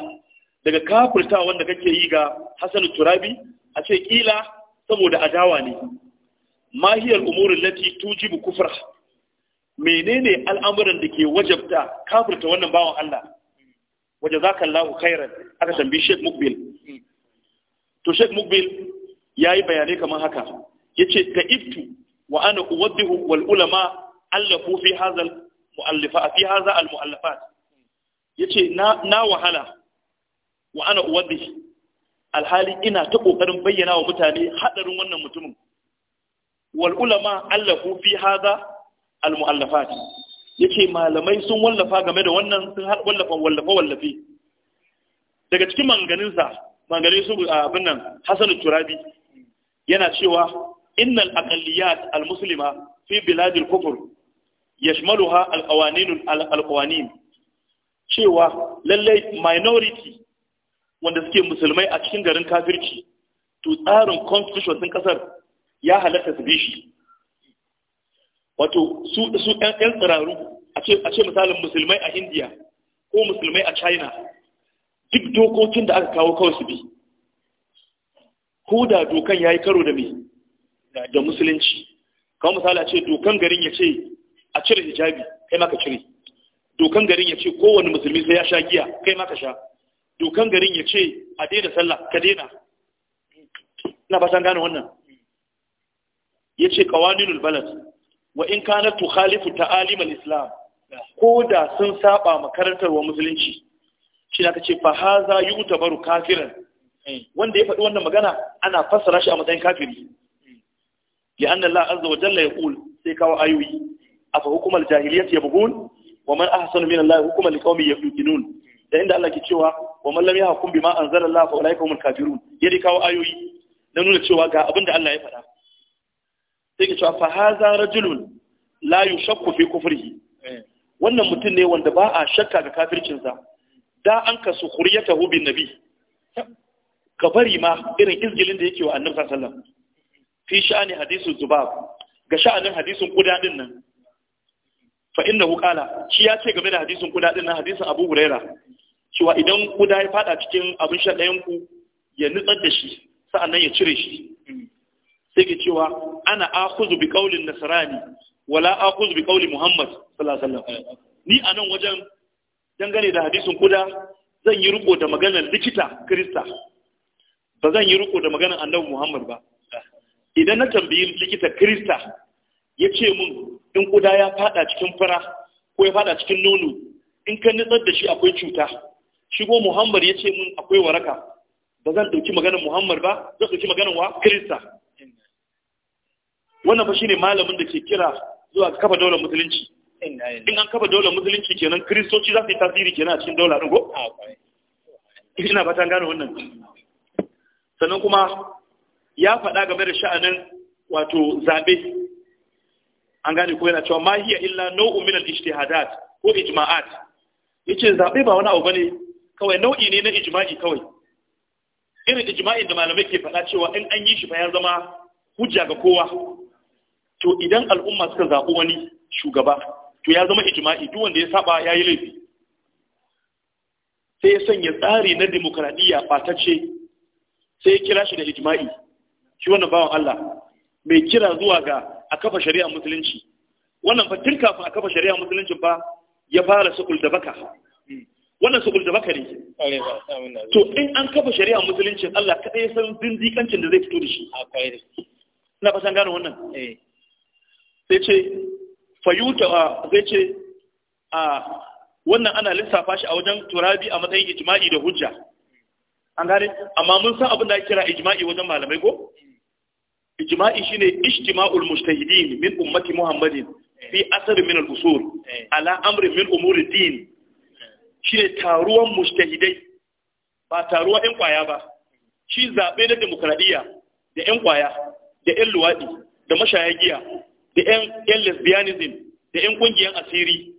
daga kafirta wanda kake yi ga Hassan Turabi a ce kila saboda adawa ne mahiyar umurin lati bu kufra menene al'amuran da ke wajabta kafirta wannan bawan Allah Waje za ka jazakallahu khairan aka tambayi Sheik Mukbil to Sheikh Mukbil yi bayanai kamar haka yace ta ibtu wa ana uwaddihu wal ulama allafu fi hazal al fi haza al mu'allafat yace na na wahala wa ana uwaddihi alhali ina ta kokarin bayyana wa mutane hadarin wannan mutumin wal ulama allafu fi haza al mu'allafat yake malamai sun wallafa game da wannan sun wallafa wallafa wallafe daga cikin manganin sa manganin su abin nan Hassan Turabi yana cewa innal aqalliyat almuslima fi biladil kufr yashmaluha alqawanin alqawanin cewa lallai minority wanda suke musulmai a cikin garin kafirci to tsarin constitution din kasar ya halatta su bishi. wato su su ɗan tsiraru a ce misalin musulmai a indiya ko musulmai a china duk dokokin da aka kawo kawai su bi ko da dokan ya yi karo da me da musulunci kawai misali a ce dokan garin ya ce a cire hijabi kai maka cire dokan garin ya ce kowane musulmi sai ya sha giya kai maka sha dokan garin ya ce a daina sallah ka daina ina san gane wannan ya ce kawaninul balad wa in kana tukhalifu ta'alim al-islam ko da sun saba makarantarwa musulunci shi da kace fa haza yu'tabaru kafiran wanda ya faɗi wannan magana ana fassara shi a matsayin kafiri لأن الله عز وجل يقول سيكاو أيوي أفحكم الجاهلية يبغون ومن أحسن من الله حكما لقوم يفيقنون da inda Allah ke cewa wa man lam yahkum bima anzala Allah fa ulaika humul kafirun yadi kawo ayoyi na nuna cewa ga abinda Allah ya faɗa sai ke cewa fa haza rajulun la yushakku fi kufrihi eh. wannan mutum ne wanda ba a shakka ga kafircinsa da an kasu su kuriyata hubin nabi ka bari ma irin izgilin da yake wa annabi sallallahu alaihi wasallam fi sha'ani hadisin zubab ga sha'anin hadisin kuda din nan fa innahu qala shi ya ce game da hadisin kuda din nan hadisin abu huraira cewa idan kuda ya fada cikin abin sha ku ya nutsar da shi sa'annan ya cire shi hmm. sai ke cewa ana akuzu bi kaulin nasrani wala akuzu bi kauli muhammad sallallahu alaihi wasallam ni anan wajen dangane da hadisin kuda zan yi riko da maganar likita krista ba zan yi riko da maganar annabi muhammad ba idan na tambayi likita krista ya ce mun in kuda ya fada cikin fara ko ya fada cikin nono in ka nitsar da shi akwai cuta shigo muhammad ya ce mun akwai waraka ba zan ɗauki maganar muhammad ba zan ɗauki maganar wa krista wannan fa shine malamin da ke kira zuwa kafa daular musulunci in an kafa daular musulunci kenan kristoci za su yi tasiri kenan a cikin daular ɗin ko ina ba ta gane wannan sannan kuma ya faɗa game da sha'anin wato zaɓe an gane ko yana cewa mahiya illa nau'u min al-ijtihadat ko ijma'at yace zaɓe ba wani abu bane kawai nau'i ne na ijma'i kawai irin ijma'in da malamai ke faɗa cewa in an yi shi fa ya zama hujja ga kowa to idan al'umma suka zaɓi wani shugaba to ya zama ijma'i duk wanda ya saba ya yi laifi sai ya sanya tsari na demokradiyya ɓatacce sai ya kira shi da ijma'i shi wannan bawan Allah mai kira zuwa ga a kafa shari'a musulunci wannan fa tun kafin a kafa shari'a musulunci ba ya fara sukul da baka wannan sukul da baka ne to in an kafa shari'a musulunci Allah kadai ya san zindikancin da zai fito da shi na fasan gano wannan eh sai ce fayuta zai ce a wannan ana lissafa shi a wajen turabi a matsayin ijma'i da hujja an gane amma mun san abin da ake kira ijma'i wajen malamai ko ijma'i shine ijtima'ul mujtahidin min ummati muhammadin fi asar min al-usul ala amri min umuri din shine taruwan mujtahidai ba taruwa ɗin kwaya ba shi zaɓe na demokradiyya da 'yan kwaya da 'yan luwaɗi da mashaya giya da 'yan lesbianism da 'yan ƙungiyar asiri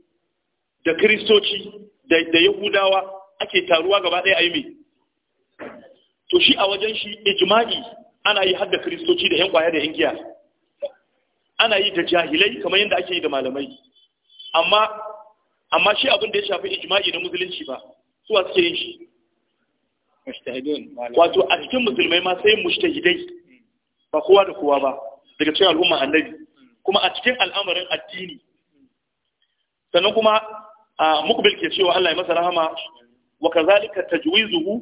da kiristoci da yahudawa ake taruwa gaba ɗaya a yi mai to shi a wajen shi ijima'i ana yi har da kiristoci da 'yan kwaya da 'yan giya ana yi da jahilai kamar yadda ake yi da malamai amma shi abin da ya shafi ijima'i na musulunci ba su a suke yin shi wato a cikin musulmai ma sai mushtahidai ba kowa da kowa ba daga cikin al'umma annabi kuma a cikin al'amarin addini sannan kuma a mukbil ke cewa Allah ya masa rahama wa kazalika tajwizuhu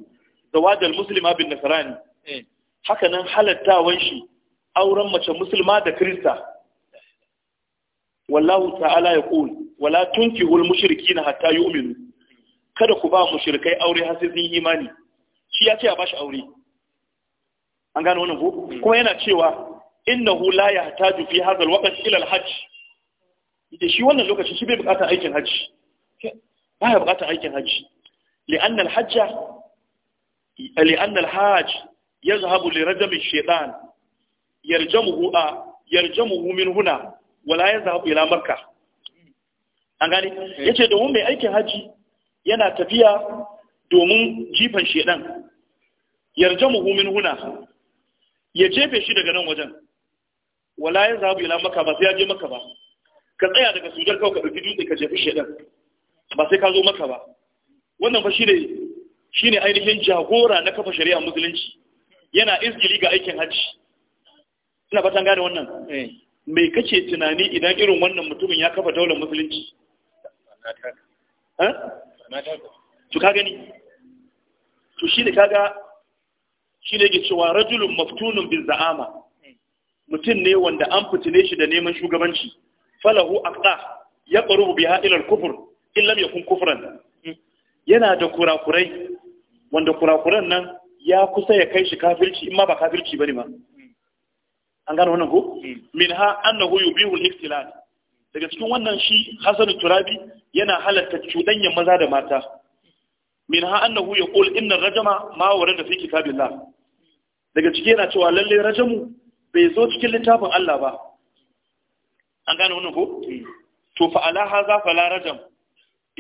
zawajal muslima bin nasrani eh. haka nan halattawan shi auren mace musulma da krista wallahu ta'ala ya qul wala tunkihul mushrikina hatta yu'minu kada ku ba mushrikai aure har sai sun yi imani shi ya ce a bashi aure an gano wannan ko hmm. kuma yana cewa innahu la yahtaju fi hadha alwaqt ila alhajj da shi wannan lokaci shi bai bukatar aikin hajji baya bukatar aikin hajji li'anna alhajja li'anna alhajj yazhabu li rajam ash-shaytan yarjamuhu a yarjamuhu min huna wala yazhabu ila makkah an gane yace domin mai aikin hajji yana tafiya domin jifan shedan yarjamuhu min huna ya jefe shi daga nan wajen wala ya zabu ila maka ba sai ya je maka ba ka tsaya daga sujar kawai ka ɗauki dutse ka jefi shaidan ba sai ka zo maka ba wannan fa shine shine ainihin jagora na kafa shari'a musulunci yana izgili ga aikin hajji ina fatan gane wannan eh. me kace tunani idan irin wannan mutumin ya kafa daular musulunci to ka gani to shi ne kaga shi ne yake cewa rajulun maftunun bil za'ama mutum ne wanda an fitine shi da neman shugabanci falahu aqta ya qarubu biha ila al-kufr in lam yakun kufran yana da kurakurai wanda kurakuran nan ya kusa ya kai shi kafirci in ma ba kafirci bane ma an gano wannan ko minha annahu yubihu al-ikhtilal daga cikin wannan shi Hassan Turabi yana halatta cudanyen maza da mata minha annahu yaqul inna rajama ma warada fi kitabillah daga ciki yana cewa lalle rajamu bai zo cikin littafin Allah ba an gane wannan ko hmm. to fa ala haza fala rajam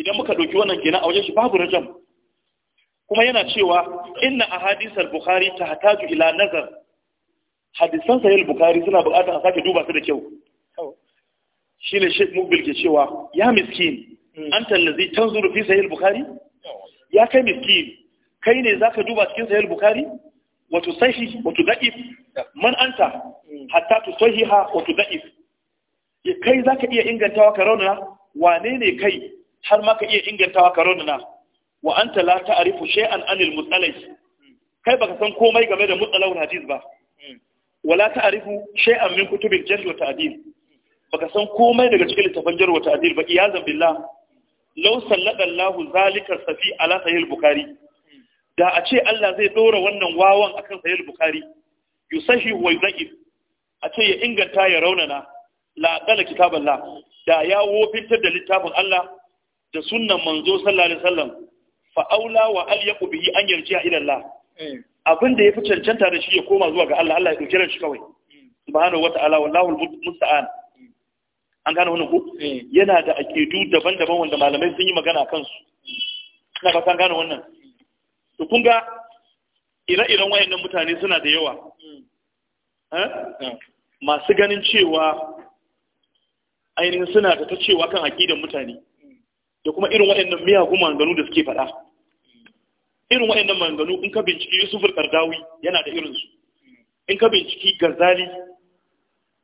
idan muka dauki wannan kenan a wajen shi babu rajam kuma yana cewa inna ahadisar bukhari tahtaju ila nazar hadisan sahih bukhari suna buƙatar a sake duba su da kyau shine shi mubil ke cewa ya miskin hmm. anta allazi tanzuru fi sahih bukhari ya kai miskin kai ne zaka duba cikin sahih bukhari wato sahi wato da'if man anta hatta tu sahiha wato da'if ya kai za ka iya ingantawa ka Wanene kai har ma ka iya ingantawa ka raunana la ta'rifu shay'an anil mutsalai kai baka san komai game da mutsalawul hadis ba wala ta'rifu shay'an min kutubil jarh wa ta'dil baka san komai daga cikin littafan jarh ba iyazan billah law sallada Allahu zalika da a ce Allah zai ɗora wannan wawan a sayar bukari bukhari sashi wa yudhif a ce ya inganta ya raunana la Kitabun La, da ya wofintar da littafin Allah da sunan manzo sallallahu alaihi wasallam fa'aula wa alyaqu bihi an a ila la eh. abin da fi cancanta da shi ya koma zuwa ga Allah Allah ya dauke shi kawai eh. subhanahu ta'ala wallahu musta'an eh. an gane wannan ko yana da aqidu daban-daban wanda malamai sun yi magana kansu ina ba san gane wannan to kun ga ire-iren wayannan mutane suna da yawa hmm. eh? masu ganin cewa ainihin suna da ta cewa kan aƙidan mutane hmm. da kuma irin wayannan miyagun manganu da suke faɗa hmm. irin wayannan manganu in ka binciki Yusuf al-Qardawi yana da irin su in ka binciki Ghazali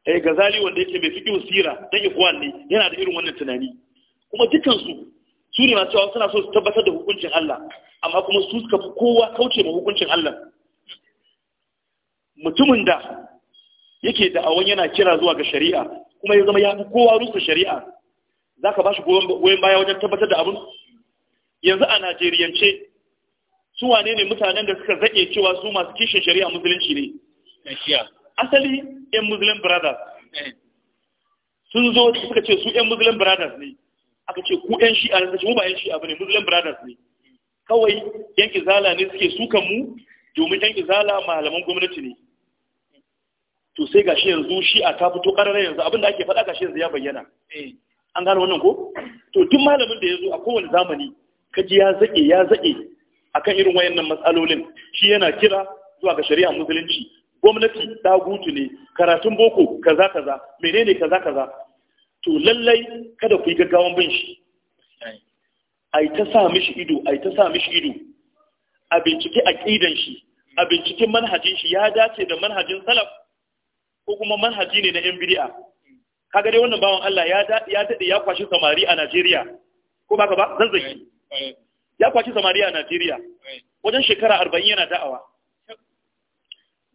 eh Ghazali wanda yake mai fiqh sira dan ikwan ne yana da irin wannan tunani kuma dukansu su ne masu cewa suna so su tabbatar da hukuncin Allah amma kuma su suka fi kowa kauce ma hukuncin Allah mutumin da yake da awon yana kira zuwa ga shari'a kuma ya zama ya fi kowa rusa shari'a za ka ba shi goyon baya wajen tabbatar da abin yanzu a najeriyance su wane ne mutanen da suka zaƙe cewa su masu kishin shari'a musulunci ne asali yan muslim brothers eh. sun zo suka ce su yan muslim brothers ne aka ce ku yan shi'a na ce mu ba yan abu ne muslim brothers ne kawai yan kizala ne suke sukan mu domin yan kizala malaman gwamnati ne to sai gashi yanzu a ta fito karara yanzu abinda ake faɗa gashi yanzu ya bayyana eh. an gano wannan ko to duk malamin da ya a kowane zamani kaji ya zake ya zake akan irin wayannan matsalolin shi yana kira zuwa ga shari'a musulunci gwamnati ta gutu ne karatun boko kaza kaza menene kaza kaza to lallai kada ku yi gaggawan bin shi yi ta sa mishi ido a yi ta sa mishi ido a bincike ƙidan shi a bincike manhajin shi ya dace da manhajin salaf ko kuma manhaji ne na yan bid'a kaga dai wannan bawan Allah ya ya dade ya kwashi samari a Najeriya ko baka ba zazzaki ya kwashi samari a Najeriya wajen shekara 40 yana da'awa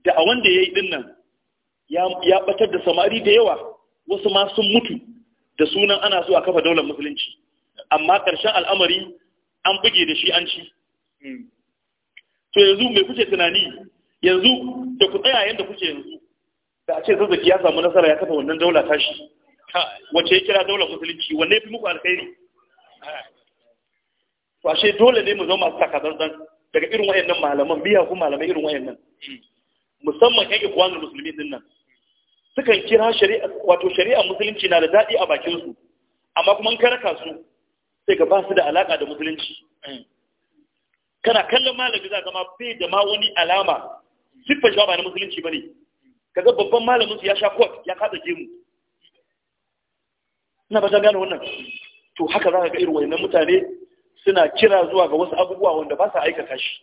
da'awan da yayi dinnan ya ya batar da samari da yawa wasu ma sun mutu da sunan ana so a kafa daular musulunci amma ƙarshen al'amari an buge da shi an ci hmm. to yanzu mai kuce tunani yanzu da ku tsaya yadda kuce yanzu da a ce zazzaki ya samu nasara ya kafa wannan daula tashi wacce ya kira daular musulunci wanne ya fi muku alkhairi to ashe dole ne mu zama masu takatsantsan daga irin wayannan malaman biya ku malamai irin wayannan hmm. musamman kai ikwanul musulmi din nan sukan kira shari'a wato shari'a musulunci na da daɗi a bakin su amma kuma karaka su sai ga ba da alaka da musulunci kana kallon malami za ka ma fi da ma wani alama siffar shi ba na musulunci bane kaga babban malamin su ya sha kwat ya kada gemu ina ba ta gane wannan to haka za ka ga irin wayannan mutane suna kira zuwa ga wasu abubuwa wanda ba sa aikata shi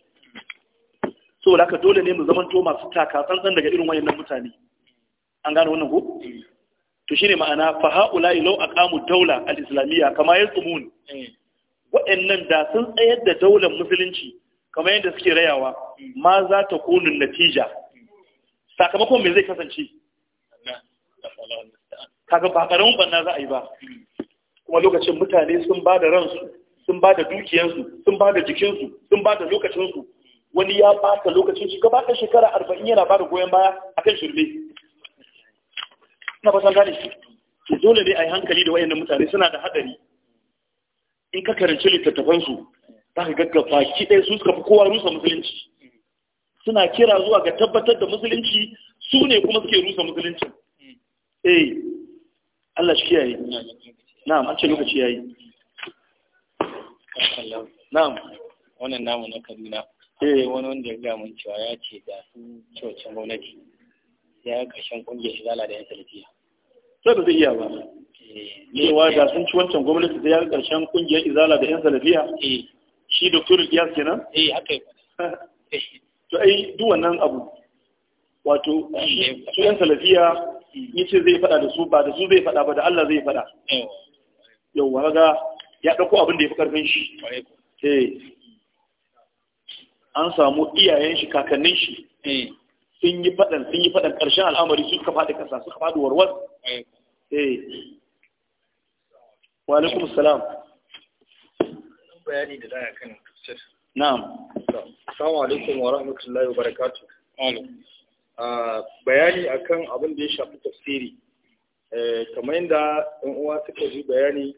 saboda haka dole ne mu zamanto masu taka tsantsan daga irin wayannan mutane an gano wannan ku to shine ma'ana fa haula law aqamu dawla al-islamiyya kama yasumun eh. wa'annan da sun tsayar da daular musulunci kama yadda suke rayawa ma za ta kunu natija sakamakon me zai kasance kaga ba karamin banna za a yi ba kuma lokacin mutane sun ba da ransu sun ba da dukiyarsu sun ba da jikinsu sun ba da lokacinsu wani ya ba ta lokacin shi gaba shekara arba'in yana ba da goyon baya akan shirme na fasa gane shi dole ne a yi hankali da wayannan mutane suna da hadari in ka karanci littattafansu za ka gaggafa ki ɗaya su suka fi kowa rusa musulunci suna kira zuwa ga tabbatar da musulunci su ne kuma suke rusa musulunci eh Allah shi kiyaye na'am an ce lokaci yayi na'am wannan namu na Kaduna eh wani wanda ya mun cewa ya ce da su cocin gwamnati ya kashin kungiyar izala da yan salafiya sai ba zai iya ba eh, cewa eh. da sun ci wancan gwamnati da ya karshen kungiyar izala da yan salafiya eh. shi doktor Iyas kenan eh haka to ai duk wannan abu wato su yan salafiya ce zai fada da su ba da su zai fada ba da Allah zai fada yawa ga ya dauko abin da ya fi karfin shi eh an samu iyayen shi kakannin shi sun yi fadan sun yi fadan karshen al'amari suka fadi kasa suka fadi warwar Eh. wa alaikum salam bayani da kan na'am assalamu bayani akan abin da ya shafi tafsiri eh, kamar yadda ɗan uwa suka ji bayani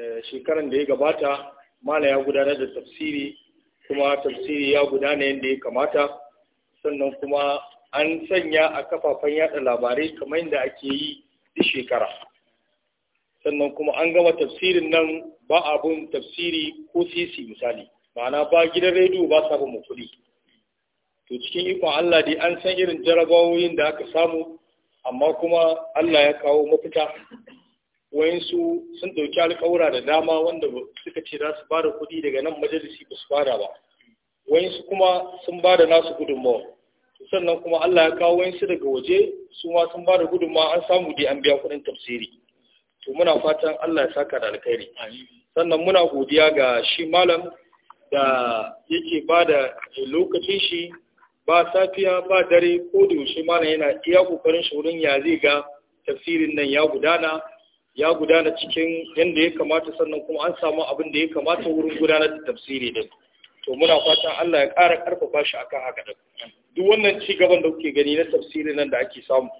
eh, shekaran da ya gabata mana ya gudanar da tafsiri kuma tafsiri ya gudana yadda ya kamata sannan kuma an sanya a kafafen yada labarai kamar yadda ake yi da shekara sannan kuma an gama tafsirin nan ba abun tafsiri ko sisi misali ma'ana ba gidan rediyo ba sa mu kuɗi to cikin ikon Allah dai an san irin jarabawoyin da aka samu amma kuma Allah ya kawo mafita wayansu sun ɗauki alƙawura da dama wanda suka ce za su ba kuɗi daga nan majalisi ba su fara ba wayansu kuma sun bada nasu gudunmawa sannan kuma Allah ya kawo wayansu daga waje su ma sun ba da gudunma an samu dai an biya kuɗin tafsiri to muna fatan Allah ya saka da alkhairi sannan muna godiya ga shi malam da yake ba da lokacin shi ba safiya ba dare ko da yaushe malam yana iya kokarin shi wurin ya zai ga tafsirin nan ya gudana ya gudana cikin yadda ya kamata sannan kuma an samu abin da ya kamata wurin gudanar da tafsiri din to muna fatan Allah ya ƙara ƙarfafa shi akan haka din duk wannan ci gaban da kuke gani na tafsirin nan da ake samu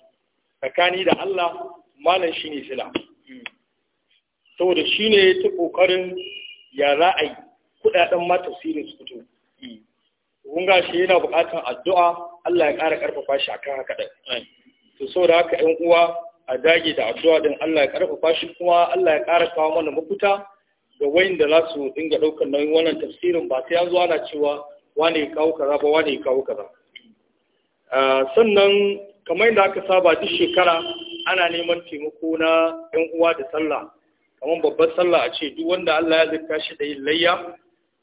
tsakani da Allah malam ne sila saboda ne ta kokarin ya ra'ayi kudaden ma tafsirin su fito kun ga shi yana buƙatar addu'a Allah ya ƙara ƙarfafa shi akan haka din to saboda haka ƴan uwa a dage da addu'a din Allah ya ƙarfafa shi kuma Allah ya ƙara kawo mana mafuta ga wayin da za su dinga ɗaukar nauyin wannan tafsirin ba sai an zo ana cewa wane ya kawo kaza ba wane ya kawo kaza ah, sannan kamar yadda aka saba duk shekara ana neman taimako na yan uwa da sallah kamar babbar sallah a ce duk wanda Allah ya zarta shi da yin layya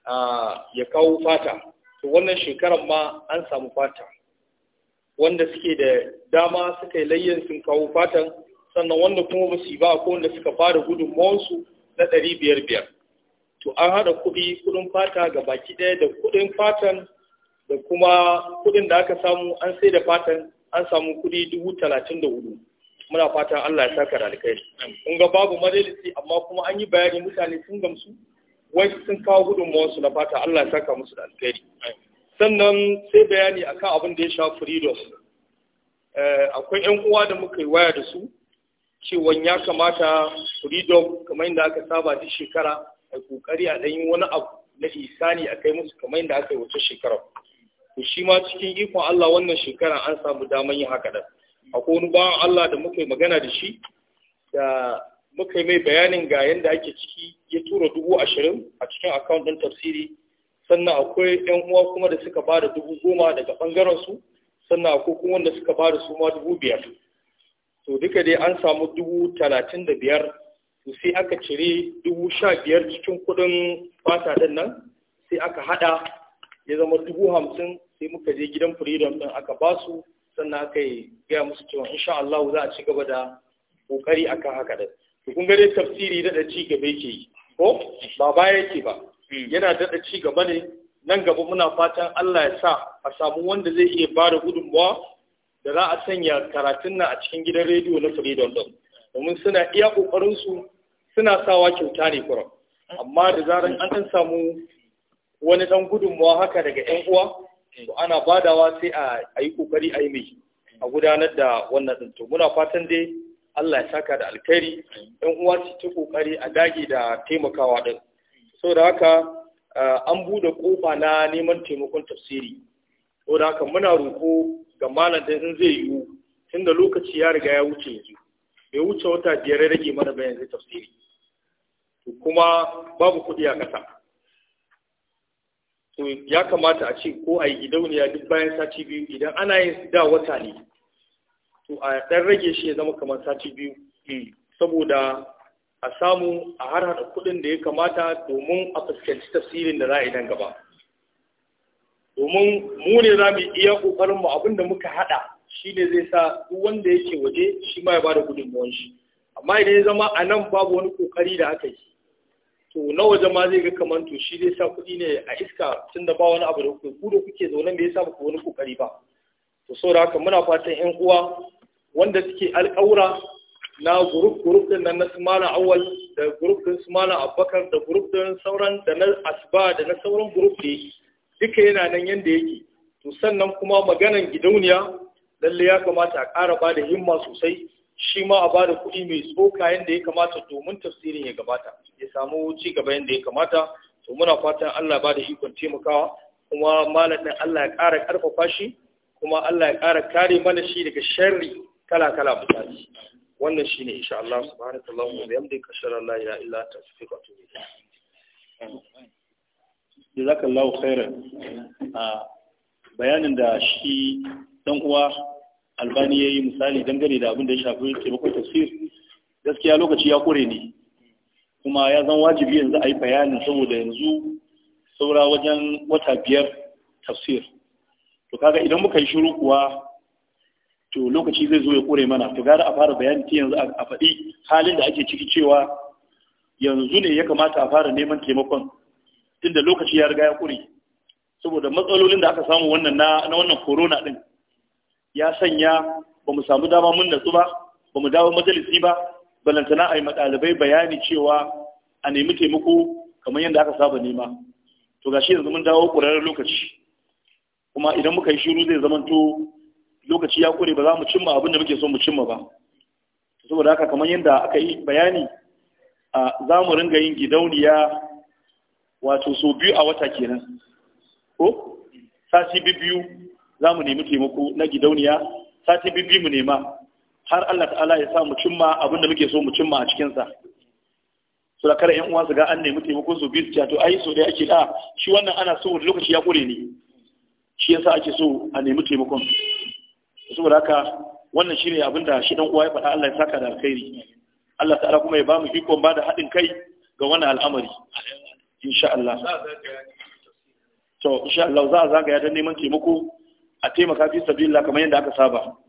ah, ya kawo fata to wannan shekarar ma an samu fata wanda suke da dama suka yi layyan sun kawo fatan sannan wanda kuma ba su yi ba ko wanda suka fara gudunmawarsu na ɗari biyar biyar to an haɗa kuɗi kuɗin fata ga baki ɗaya da kuɗin fatan da kuma kuɗin da aka samu an sai da fatan an samu kuɗi dubu talatin da hudu muna fatan Allah ya saka da alkhairi kun ga babu majalisi amma kuma an yi bayani mutane sun gamsu wai sun kawo gudunmawarsu na fata Allah ya saka musu da alkhairi sannan sai bayani akan abin da ya sha freedom eh, akwai yan uwa da muka yi waya da su cewa ya kamata freedom kamar yadda aka saba duk shekara a kokari a ɗanyi wani abu na isani a kai musu kamar yadda aka yi wata shekara to shi ma cikin ikon Allah wannan shekara an samu daman yin haka da akwai wani bawan Allah da muka yi magana da shi da muka yi mai bayanin ga yadda ake ciki ya tura dubu ashirin a cikin akawun ɗin tafsiri sannan akwai yan uwa kuma da suka ba da dubu goma daga ɓangaren su sannan akwai kuma wanda suka ba da su ma dubu biyar to duka dai an samu dubu talatin da biyar to sai aka cire dubu sha biyar cikin kuɗin fata din nan sai aka haɗa. ya zama dubu hamsin sai muka je gidan firidom ɗin aka basu sannan aka yi gaya musu cewa insha Allah za a ci gaba da kokari akan haka din to kun ga dai tafsiri da ci gaba yake yi ko ba baya yake ba hmm. yana daɗa ci gaba ne nan gaba muna fatan Allah ya sa a samu wanda zai iya bada gudunmawa da za a sanya karatun na a cikin gidan rediyo na don don domin suna iya ƙoƙarinsu suna sawa kyauta ne kuram amma da zaran an ɗan samu wani ɗan gudunmawa haka daga yan uwa to ana badawa sai a yi ƙoƙari a yi mai a gudanar da wannan ɗin to muna fatan dai Allah ya saka da alkhairi yan uwa su ta ƙoƙari a dage da taimakawa Sau saboda haka eh, an buɗe ƙofa na neman taimakon tafsiri saboda haka muna roko ga malam in zai yiwu tunda lokaci ya riga ya wuce yanzu bai wuce wata biyar ya rage mana bayan zai tafsiri to kuma babu kuɗi a kasa to ya kamata a ce ko a yi gidauniya duk bayan sati biyu idan ana yin da wata ne to a dan rage shi ya zama kamar sati biyu hmm. saboda a samu a harhaɗa kuɗin da ya kamata domin a fuskanci tafsirin da za a yi nan gaba. domin mu ne za mu iya ƙoƙarin mu abinda muka haɗa shi ne zai sa duk wanda yake waje shi ma ya ba bada gudunmawar shi amma idan ya zama a nan babu wani ƙoƙari da aka yi to na waje ma zai ga kamar to shi zai sa kuɗi ne a iska tun da ba wani abu da kuke ku da kuke zaune me sa ku wani ƙoƙari ba to saboda haka muna fatan ƴan uwa wanda suke alƙawura na gurup gurup din nan na su awal da gurup din su da gurup din sauran da na asba da na sauran gurup da yake duka yana nan yanda yake to sannan kuma maganan gidauniya lalle ya kamata a ƙara ba da himma sosai shi ma a ba da kuɗi mai tsoka yadda ya kamata domin tafsirin ya gabata ya samu ci gaba yadda ya kamata to muna fatan Allah ba da ikon taimakawa kuma malamin Allah ya ƙara ƙarfafa shi kuma Allah ya ƙara kare mana shi daga sharri kala-kala misali wannan shine insha Allah subhanahu wa ta'ala mu ya kashe la ilaha illa anta jazakallahu khairan a bayanin da shi dan uwa albani yi misali dangane da abin da ya shafi taimakon tafsir gaskiya lokaci ya kure ne kuma ya zan wajibi yanzu a yi bayanin saboda yanzu saura wajen wata biyar tafsir to kaga idan muka yi shiru kuwa to lokaci zai zo ya kure mana to gara a fara bayani ta yanzu a faɗi halin da ake ciki cewa yanzu ne ya kamata a fara neman taimakon tunda lokaci ya riga ya ƙure saboda matsalolin da aka samu wannan na wannan corona din ya sanya ba mu samu dama mun natsu ba ba mu dawo majalisi ba balantana a yi ɗalibai bayani cewa a nemi taimako kamar yadda aka saba nema to gashi yanzu mun dawo ƙurarren lokaci kuma idan muka yi shiru zai to lokaci ya ƙure ba za mu cimma abin da muke so mu cimma ba saboda haka kamar yadda aka yi bayani za mu ringa yin gidauniya wato so biyu a wata kenan ko sati biyu za mu nemi taimako na gidauniya sati biyu mu nema har Allah ta'ala ya sa mu cimma abin da muke so mu cimma a cikinsa so da kare yan uwa su ga an nemi taimako su biyu su to ai so dai ake da shi wannan ana so wani lokaci ya kure ne shi yasa ake so a nemi taimakon saboda haka wannan shine abin da shi dan uwa ya faɗa Allah ya saka da alkhairi Allah ta'ala kuma ya ba mu ikon ba da haɗin kai ga wannan al'amari insha Allah to za a zagaya don neman taimako a taimaka fi sabilillah kamar yadda aka saba